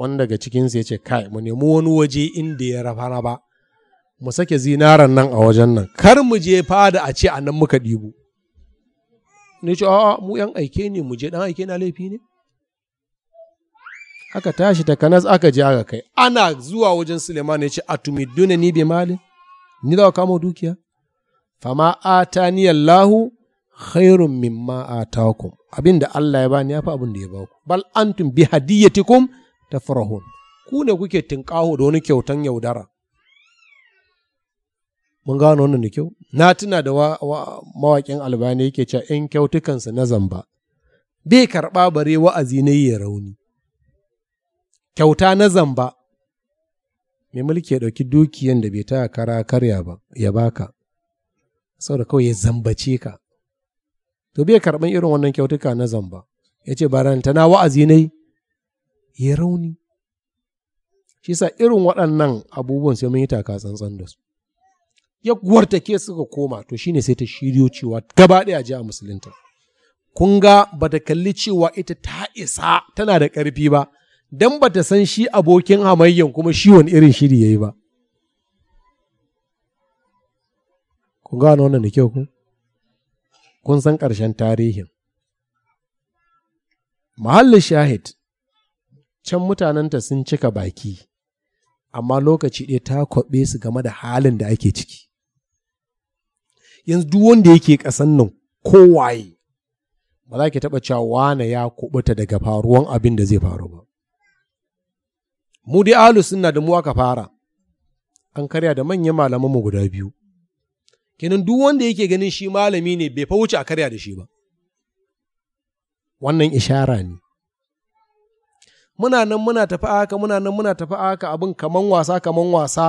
wani daga cikinsu ya ce kai mu nemi wani waje inda ya rafa ba mu sake zinaran nan a wajen nan kar mu je fada a ce a nan muka ɗibu ne ce a'a mu yan aike ne mu je dan aike na laifi ne aka tashi ta kanas aka je aka kai ana zuwa wajen suleiman ya ce atumidduna ni bi mali ni za kama dukiya fama atani allahu khairun mimma atakum abin abinda Allah ya bani ya fi abin da ya baku bal antum bi hadiyatikum ta farahun, ku ne kuke tinƙaho da wani kyautan yaudara. Mun gano wannan da kyau? Na tuna da mawaƙin albani yake cewa ‘yan kyautukansa na zamba, bai karɓa bare wa'azi na yi rauni. Kyauta na zamba, mai mulki ya ɗauki dukiyan da bai taya kara karya ba, ya baka, saboda kawai ya zambace ka. To bai karɓan irin wannan kyautuka na zamba, ya ce na wa'azi na yi, ya rauni shi sa irin waɗannan abubuwan sai mun yi taka tsantsan da su ya ke suka koma to shine sai ta shiryo cewa gaba ɗaya ji a musulunta kun ga ba ta kalli cewa ita ta isa tana da ƙarfi ba don ba ta san shi abokin hamayyan kuma shi wani irin shiri ya yi ba kun gano wannan da kyau ku kun san ƙarshen tarihin mahallin shahid can mutanenta sun cika baki amma lokaci ɗaya ta kwaɓe su game da halin da ake ciki yanzu duk wanda yake ƙasan nan kowaye ba za ki taɓa cewa wane ya kubuta daga faruwan abin da zai faru ba mu dai alu suna da mu aka fara an karya da manyan malaman mu guda biyu kenan duk wanda yake ganin shi malami ne bai fa wuce a karya da shi ba wannan ishara ne muna nan muna tafi a haka muna nan muna tafi a haka abin kaman wasa kaman wasa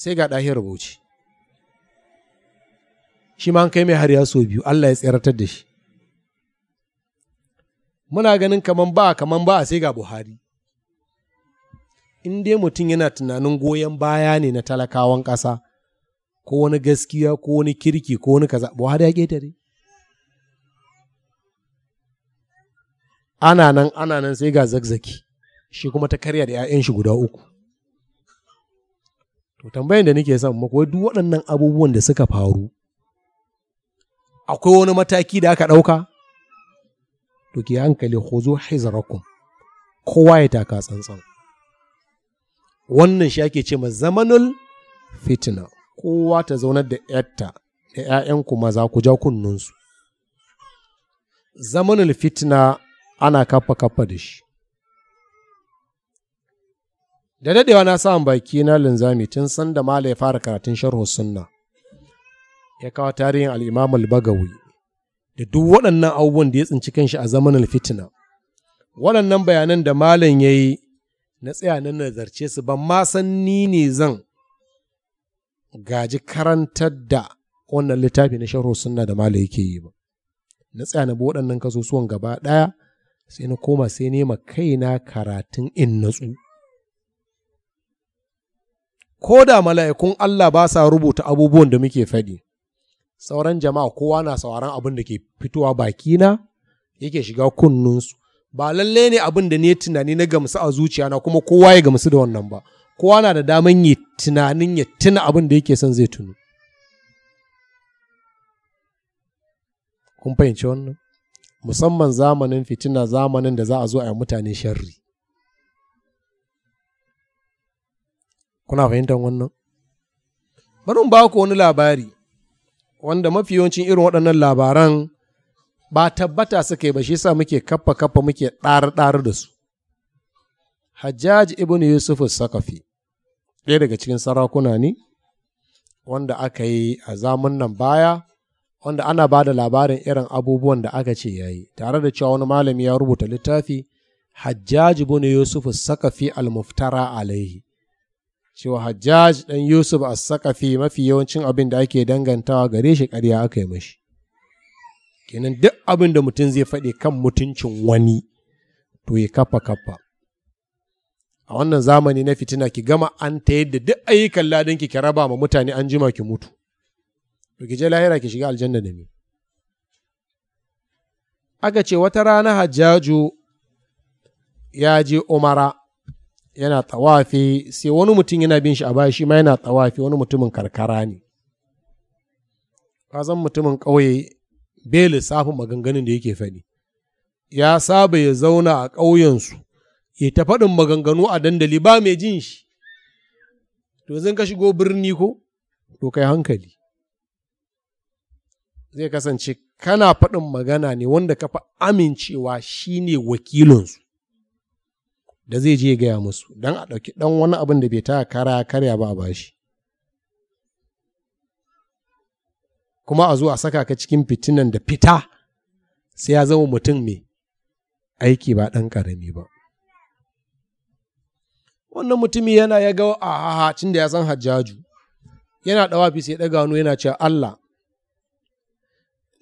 sai ga ɗahiyar bauchi shi ma an kai mai har ya so biyu Allah ya tseratar da shi muna ganin kaman ba kaman ba sai ga buhari in dai mutum yana tunanin goyon baya ne na talakawan ƙasa ko wani gaskiya ko wani kirki ko wani kaza buhari ya ƙetare ana nan ana nan sai ga zagzaki shi kuma ta karya da 'ya'yan shi guda uku to tambayan da nake son makwai duk waɗannan abubuwan da suka faru akwai wani mataki da aka ɗauka to ki hankali zo haizarakun kowa ya taka tsantsan wannan shi ake ce ma zamanul fitina kowa ta zaunar da yatta da 'ya'yanku maza ku ja kunnunsu zamanul fitina ana kafa kafa da shi da daɗewa na sa baki na linzami tun san da mala ya fara karatun sharhu sunna ya kawo tarihin al'imam al da duk waɗannan abubuwan da ya tsinci kanshi a zamanin fitina waɗannan bayanan da malam ya yi na tsaya na nazarce su ban ma san ni ne zan gaji karantar da wannan littafi na sharhu sunna da malam yake yi ba na tsaya na bi waɗannan kasusuwan gaba ɗaya sai na koma sai nema kaina karatun in natsu ko da mala'ikun Allah ba sa rubuta abubuwan da muke faɗi sauran jama'a kowa na sauran abin da ke fitowa bakina yake shiga kunnunsu ba lallai ne abin da ne tunani na gamsu a zuciya na kuma kowa ya gamsu da wannan ba kowa na da daman yi tunanin ya tuna abin da yake son zai tunu kun fahimci wannan musamman zamanin fitina zamanin da za a zo a yi mutane sharri kuna fahimtar wannan bari ba ku wani labari wanda mafi yawancin irin waɗannan labaran ba tabbata suka yi ba shi sa muke kaffa kaffa muke ɗare ɗare da su hajjaj ibn yusuf sakafi ɗaya daga cikin sarakuna ne wanda aka yi a zamun nan baya wanda ana ba da labarin irin abubuwan da aka ce ya yi tare da cewa wani malami ya rubuta littafi hajjaj bin yusuf sakafi almuftara a alaihi cewa hajjaj dan yusuf a sakafi mafi yawancin abin da ake dangantawa gare shi ƙarya aka yi mashi kenan duk abin da mutum zai faɗi kan mutuncin wani to ya kafa kafa a wannan zamani na fitina ki gama an ta yadda duk ayyukan ladan ki raba ma mutane an jima ki mutu to ki je lahira ki shiga aljanna da mi aka ce wata rana hajjaju ya je umara yana tawafi sai wani mutum yana bin shi a baya shi ma yana tawafi wani mutumin karkara ne kazan mutumin ƙauye bai lissafin maganganun da yake faɗi ya saba ya zauna a ƙauyensu ya ta faɗin maganganu a dandali ba mai jin shi to zan ka shigo birni ko to kai hankali zai kasance kana faɗin magana ne wanda kafa fi amincewa shine wakilinsu da zai je gaya musu don a ɗauki ɗan wani abin da bai ta kara karya ba a bashi kuma a zo a saka ka cikin fitinan da fita sai ya zama mutum mai aiki ba ɗan ƙarami ba wannan mutumi yana ya ga a hacin da ya san hajjaju yana ɗawafi sai ɗaga hannu yana cewa Allah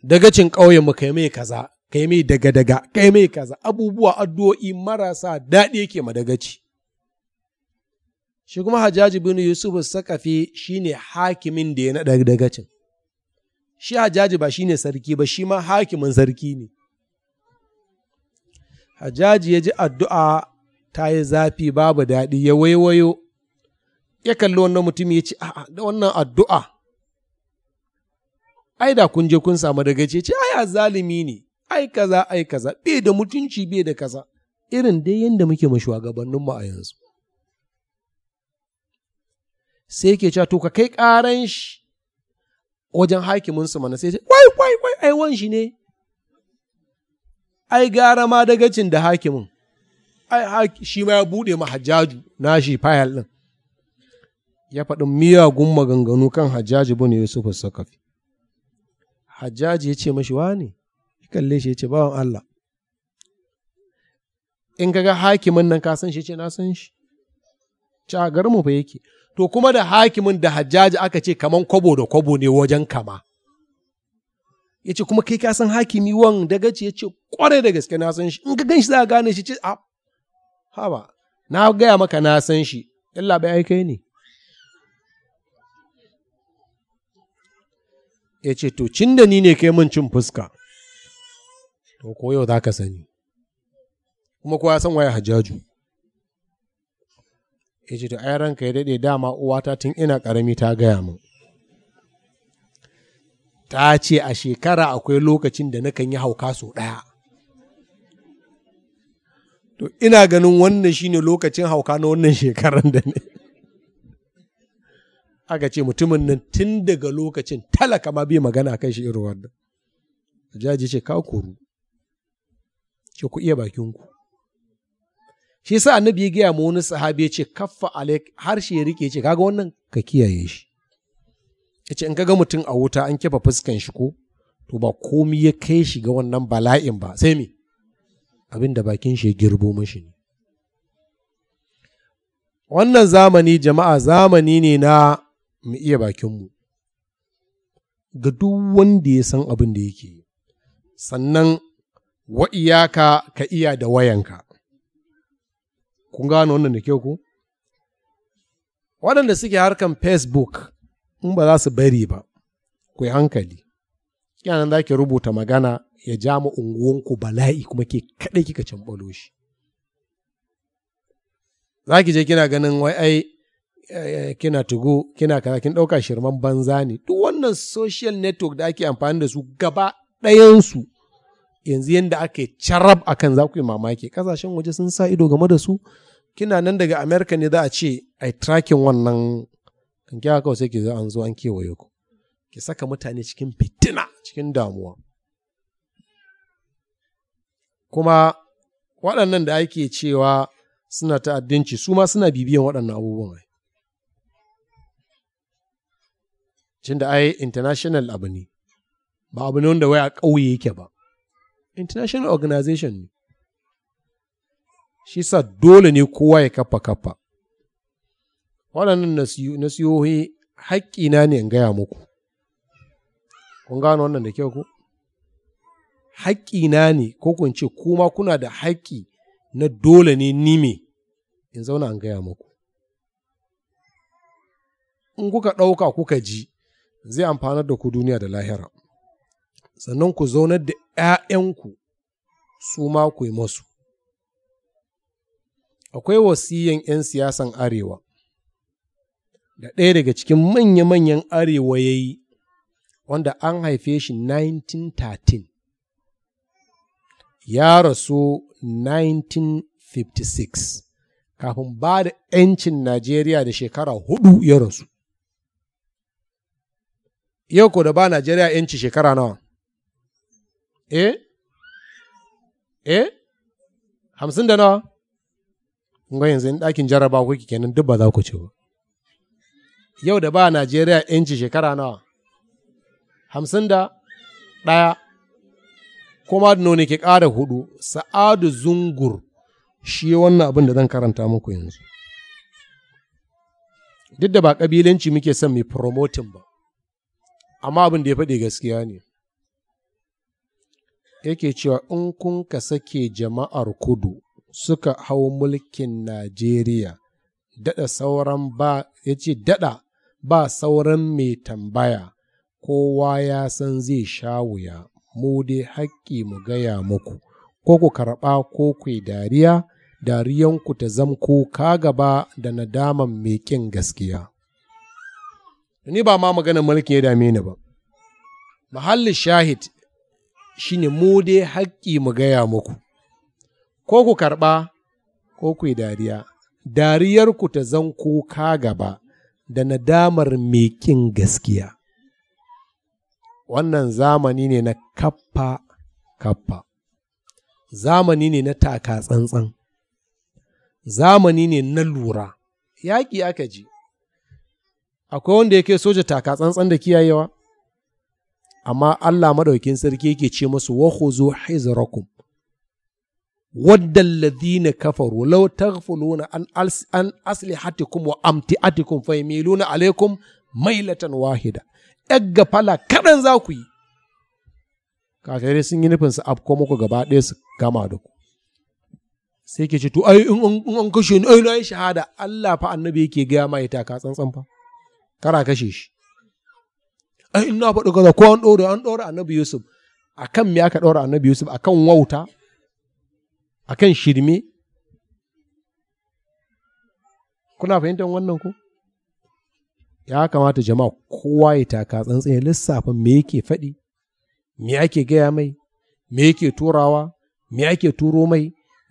dagacin ƙauyen mu kai mai kaza kai mai daga daga kai mai kaza abubuwa addu'o'i marasa daɗi yake madagaci shi kuma Hajjaji bin Yusuf Sakafi shine hakimin da ya naɗa dagacin shi Hajjaji ba shine sarki ba shi ma hakimin sarki ne Hajjaji ya ji addu'a ta yi zafi babu daɗi ya waiwayo ya kalli wannan mutum ya ce a'a da wannan addu'a ai da kun je kun samu daga ce ce ai zalimi ne ai kaza ai kaza bai da mutunci bai da kaza irin dai yadda muke mu shugabannin mu a yanzu sai yake cewa to ka kai karan shi wajen hakimin su mana sai ce wai wai wai ai wan shi ne ai gara ma dagacin da hakimin ai shi ma ya bude ma hajjaju na shi fayal din ya faɗin miyagun maganganu kan hajjaji bane Yusuf Sakafi hajjaji ya ce mashi wani ya kalle shi ya ce bawan Allah in ga hakimin nan ka san shi ce na san shi ci a garinmu fa yake to kuma da hakimin da hajjaji aka ce kaman kwabo da kwabo ne wajen kama ya ce kuma kai ka san hakimi wan ce ya ce kwarai da gaske na san shi in ka gan shi za a gane shi ce a ah, haba na gaya maka na san shi illa bai aikai ne ya ce to cin da ni ne kai mun cin fuska to ko yau za ka sani kuma kowa san waye hajjaju ya ce to ai ranka ya daɗe dama uwata tun ina ƙarami ta gaya min ta ce a shekara akwai lokacin da nakan yi hauka sau ɗaya to ina ganin wannan shine lokacin hauka na wannan shekaran da ne aka ce mutumin nan tun daga lokacin talaka ma bai magana kan shi irin wannan jaji ce ka koru ce ku iya bakinku shi yasa annabi ya gaya ma wani sahabi ya ce kaffa alaik har shi ya rike ce kaga wannan ka kiyaye shi ya ce in kaga mutum a wuta an kifa fuskan shi ko to ba komi ya kai shi ga wannan bala'in ba sai me abin da bakin shi ya girbo mashi ne wannan zamani jama'a zamani ne na mu iya bakinmu ga duk wanda ya san abin da yake sannan wa iyaka ka iya da wayanka kun gano wannan da kyau ku waɗanda suke harkan facebook in ba za su bari ba ku yi hankali yanan za ki rubuta magana ya ja ma unguwanku bala'i kuma ke kaɗai kika cambalo shi za ki je kina ganin wai ai Eh, eh, kina tugu kina kaza kin ɗauka shirman banza ne duk wannan social network da ake amfani da su gaba ɗayansu yanzu yadda ake carab a kan za ku yi mamaki ƙasashen waje sun sa ido game da su kina nan daga america ne za a ce a tracking wannan kan kya kawai sai ki zo an zo an kewaye ku ki saka mutane cikin fitina cikin damuwa kuma waɗannan da ake cewa suna ta'addanci su ma suna bibiyan waɗannan abubuwan cin da ai international abu ne ba abu ne wanda wai a ƙauye yake ba international organization ne shi sa dole ne kowa ya kafa kafa waɗannan nasihohi haƙƙina ne in gaya muku kun gano wannan da kyau ku haƙƙina ne ko kun ce kuma kuna da haƙƙi na dole ne ni me in zauna an gaya muku in kuka ɗauka kuka ji zai amfanar da ku duniya da lahira sannan ku zaunar da ‘ya'yanku su ma ku yi masu akwai wasiyan ‘yan siyasan arewa da ɗaya daga cikin manya-manyan arewa ya yi wanda an haife shi 1913 ya rasu 1956 kafin ba da ‘yancin Najeriya da shekara hudu ya rasu. yau ko da ba Najeriya ‘yanci shekara nawa? Eh? Eh? Hamsin da nawa? Ngwa yanzu in ɗakin jaraba kuke kenan duk ba za ku ci ba. Yau da ba Najeriya ‘yanci shekara nawa? Hamsin da ɗaya. Kuma noni ke ƙara hudu, sa'adu zungur shi wannan abin da zan karanta muku yanzu. Duk da ba ƙabilanci muke son mai promoting ba. amma abin da ya faɗi gaskiya ne yake cewa in kun ka sake jama'ar kudu suka hau mulkin najeriya daɗa sauran ba ya ce daɗa ba sauran mai tambaya kowa ya san zai sha wuya mu dai haƙƙi mu gaya muku ko ku karɓa ko ku dariya dariyanku ta zamko ka gaba da nadaman mai ƙin gaskiya ni ba ma maganar mulkin ya dame ni ba mahallin shahid shine mu dai haƙƙi mu gaya muku ko ku karɓa ko ku yi dariya dariyarku ta zan kuka gaba da nadamar mekin gaskiya wannan zamani ne na kaffa kaffa zamani ne na taka tsantsan zamani ne na lura yaƙi aka ji akwai wanda yake soja taka tsantsan da kiyayewa amma Allah maɗaukin sarki yake ce musu wa khuzu hizrakum wadda ladina kafaru law taghfuluna an an aslihatikum wa amtiatikum yamiluna alaykum mailatan wahida egga fala kadan za ku yi kafirai sun yi nufin su afko muku gaba ɗaya su gama da ku sai ke ce to ai in an kashe ni ai na shahada Allah fa annabi yake gaya ma ya taka tsantsan fa kara kashe shi ai ina faɗi kaza ko an ɗora an ɗora annabi yusuf akan me aka ɗora annabi yusuf akan wauta akan shirme kuna fahimtar wannan ku ya kamata jama'a kowa ya taka tsantsan ya lissafa me yake faɗi me ake gaya mai me yake turawa me ake turo mai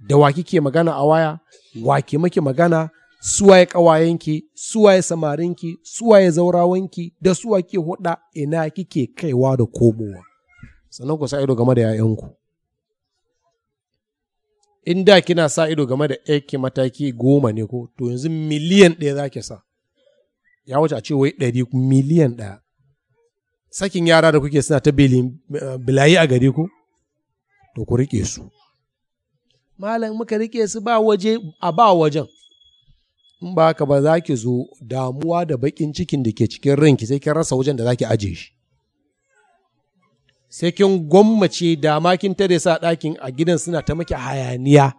da wa kike magana a waya wa ke make magana suwaye ƙawayenki, suwaye samarinki, suwaye zaurawanki, da suwa ke huɗa ina kike kaiwa da komowa. Sannan ku sa ido game da ‘ya'yanku. In da kina sa ido game da ‘yarki mataki goma ne ko, to yanzu miliyan ɗaya za ki sa. Ya wuce a ce wai ɗari miliyan ɗaya. Sakin yara da kuke suna ta bilayi eh, a gari ko, to ku riƙe su. Malam muka riƙe su ba waje a ba wajen. in ba haka ba za ki zo damuwa da baƙin cikin da ke cikin ranki sai kin rasa wajen da za ki ajiye shi sai kin gwammace dama kin tare sa ɗakin a gidan suna ta maki hayaniya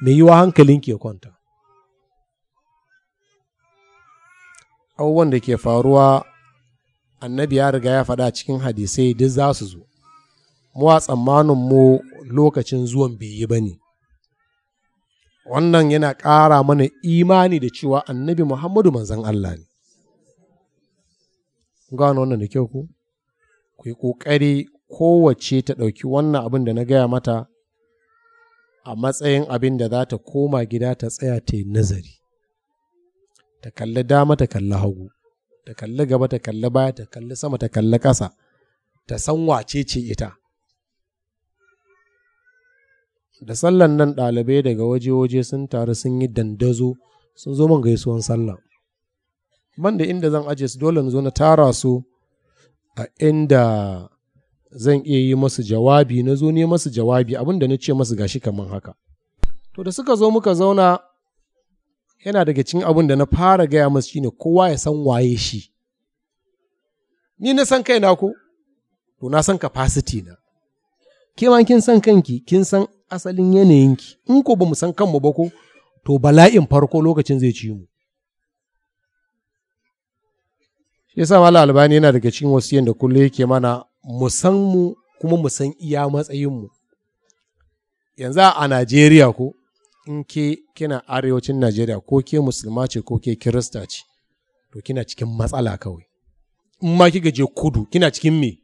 mai yiwa hankalin ke kwanta abubuwan da ke faruwa annabi ya riga ya faɗa cikin hadisai duk za su zo mu a tsammanin mu lokacin zuwan bai yi ba ne wannan yana ƙara mana imani da cewa annabi Muhammadu manzan Allah ne. Gano wannan da kyau ku? Ku yi ƙoƙari kowace ta ɗauki wannan abin da na gaya mata a matsayin abin da za ta koma gida ta tsaya ta yi nazari. Ta kalli dama ta kalli hagu, ta kalli gaba ta kalli baya ta kalli sama ta kalli ƙasa, ta san wace ce ita. da sallan nan ɗalibai daga waje-waje sun taru sun yi dandazo sun zo man gaisuwan sallah man da inda zan ajiye su dole zo na tara su a inda zan iya yi masu jawabi na zo ne masu jawabi abin da na ce masu gashi kamar haka to da suka zo muka zauna yana daga cikin abin da na fara gaya masu shine kowa ya san waye shi ni na san kaina ko to na san capacity na kin san kanki kin san asalin yanayinki in ko ba mu san kanmu ba ko to bala'in farko lokacin zai ci mu shi yasa mallam albani yana daga cikin wasu da kullu yake mana mu san mu kuma mu san iya matsayin mu yanzu a Najeriya ko in ke kina arewacin Najeriya ko ke musulma ce ko ke kirista ce to kina cikin matsala kawai in ma kika je kudu kina cikin me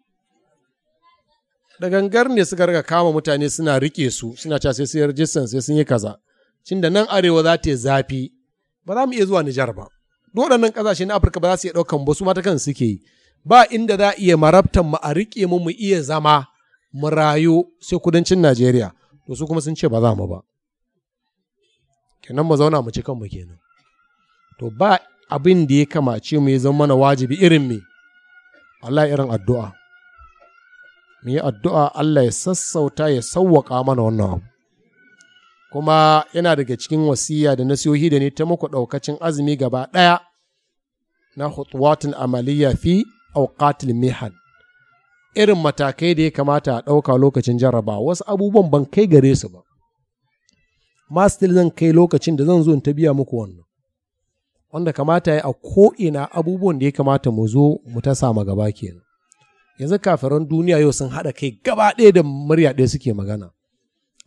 da gangar ne suka riga kama mutane suna rike su suna cewa sai sun yi rajistan sai sun yi kaza cin da nan arewa za ta yi zafi ba za mu iya zuwa Nijar ba duk waɗannan ƙasashe na Afirka ba za su iya ɗaukan ba su mata kan suke yi ba inda za a iya marabtan mu a rike mu mu iya zama mu rayu sai kudancin Najeriya to su kuma sun ce ba za mu ba kenan mu zauna mu ci kanmu kenan to ba abin da ya kamace mu ya zama mana wajibi irin me Allah irin addu'a mu yi addu'a Allah ya sassauta ya sauwaƙa mana wannan abu. Kuma yana daga cikin wasiya da nasihohi da ne ta muku ɗaukacin azumi gaba ɗaya na hutuwatin amaliya fi auqatil mihan. Irin matakai da ya kamata a ɗauka lokacin jaraba wasu abubuwan ban kai gare su ba. Ma zan kai lokacin da zan zo in ta biya muku wannan. Wanda kamata ya a ko'ina abubuwan da ya kamata mu zo mu ta sama gaba kenan. yanzu kafiran duniya yau sun haɗa kai gaba ɗaya da murya ɗaya suke magana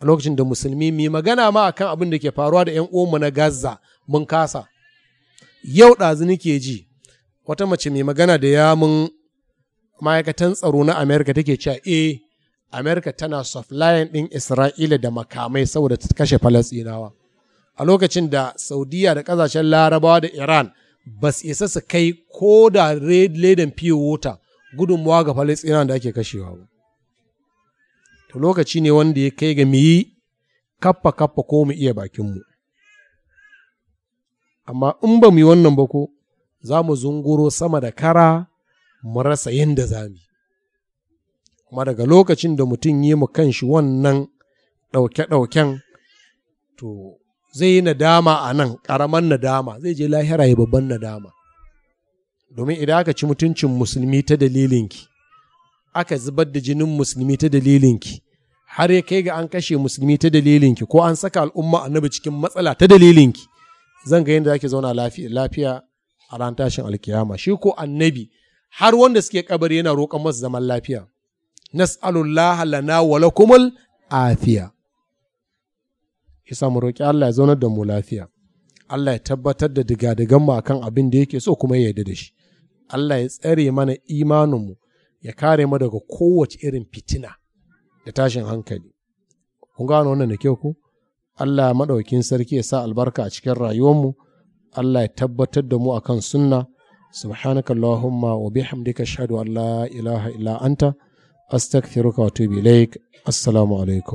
a lokacin da musulmi mai magana ma akan abin da ke faruwa da yan uwanmu na gaza mun kasa yau ɗazu nake ji wata mace mai magana da yamun ma'aikatan tsaro na amerika take cewa eh amerika tana soflayan din isra'ila da makamai saboda ta kashe falasɗinawa a lokacin da saudiya da ƙasashen larabawa da iran ba su isa su kai ko da ledan pure water gudunmawa ga falistina da ake kashewa ba to lokaci ne wanda ya kai ga mu yi kaffa kaffa ko mu iya bakinmu amma in ba mu yi wannan ba ko za mu zunguro sama da kara mu rasa yadda za mu kuma daga lokacin da mutum yi mu kan shi wannan ɗauke-ɗauken to zai yi nadama a nan ƙaraman nadama zai je lahira ya babban nadama domin idan aka ci mutuncin musulmi ta dalilinki aka zubar da jinin musulmi ta dalilinki har ya kai ga an kashe musulmi ta dalilinki ko an saka al'umma annabi cikin matsala ta dalilinki zan ga yadda zake zauna lafiya a ran tashin alkiyama shi ko annabi har wanda suke kabari yana roƙon masu zaman lafiya nas'alullah lana wa lakumul afiya isa mu roƙi Allah ya zaunar da mu lafiya Allah ya tabbatar da diga digadigan mu akan abin da yake so kuma ya yarda da shi Allah ya tsare mana imaninmu ya kare mu daga kowace irin fitina da tashin hankali. Kun gano wannan da kyau ku? Allah maɗaukin sarki ya sa albarka a cikin rayuwarmu, Allah ya tabbatar da mu a kan sunna, subhanaka Allahumma wa bihamdika ashhadu an la ilaha illa anta astaghfiruka wa atubu ilaik. Assalamu alaikum.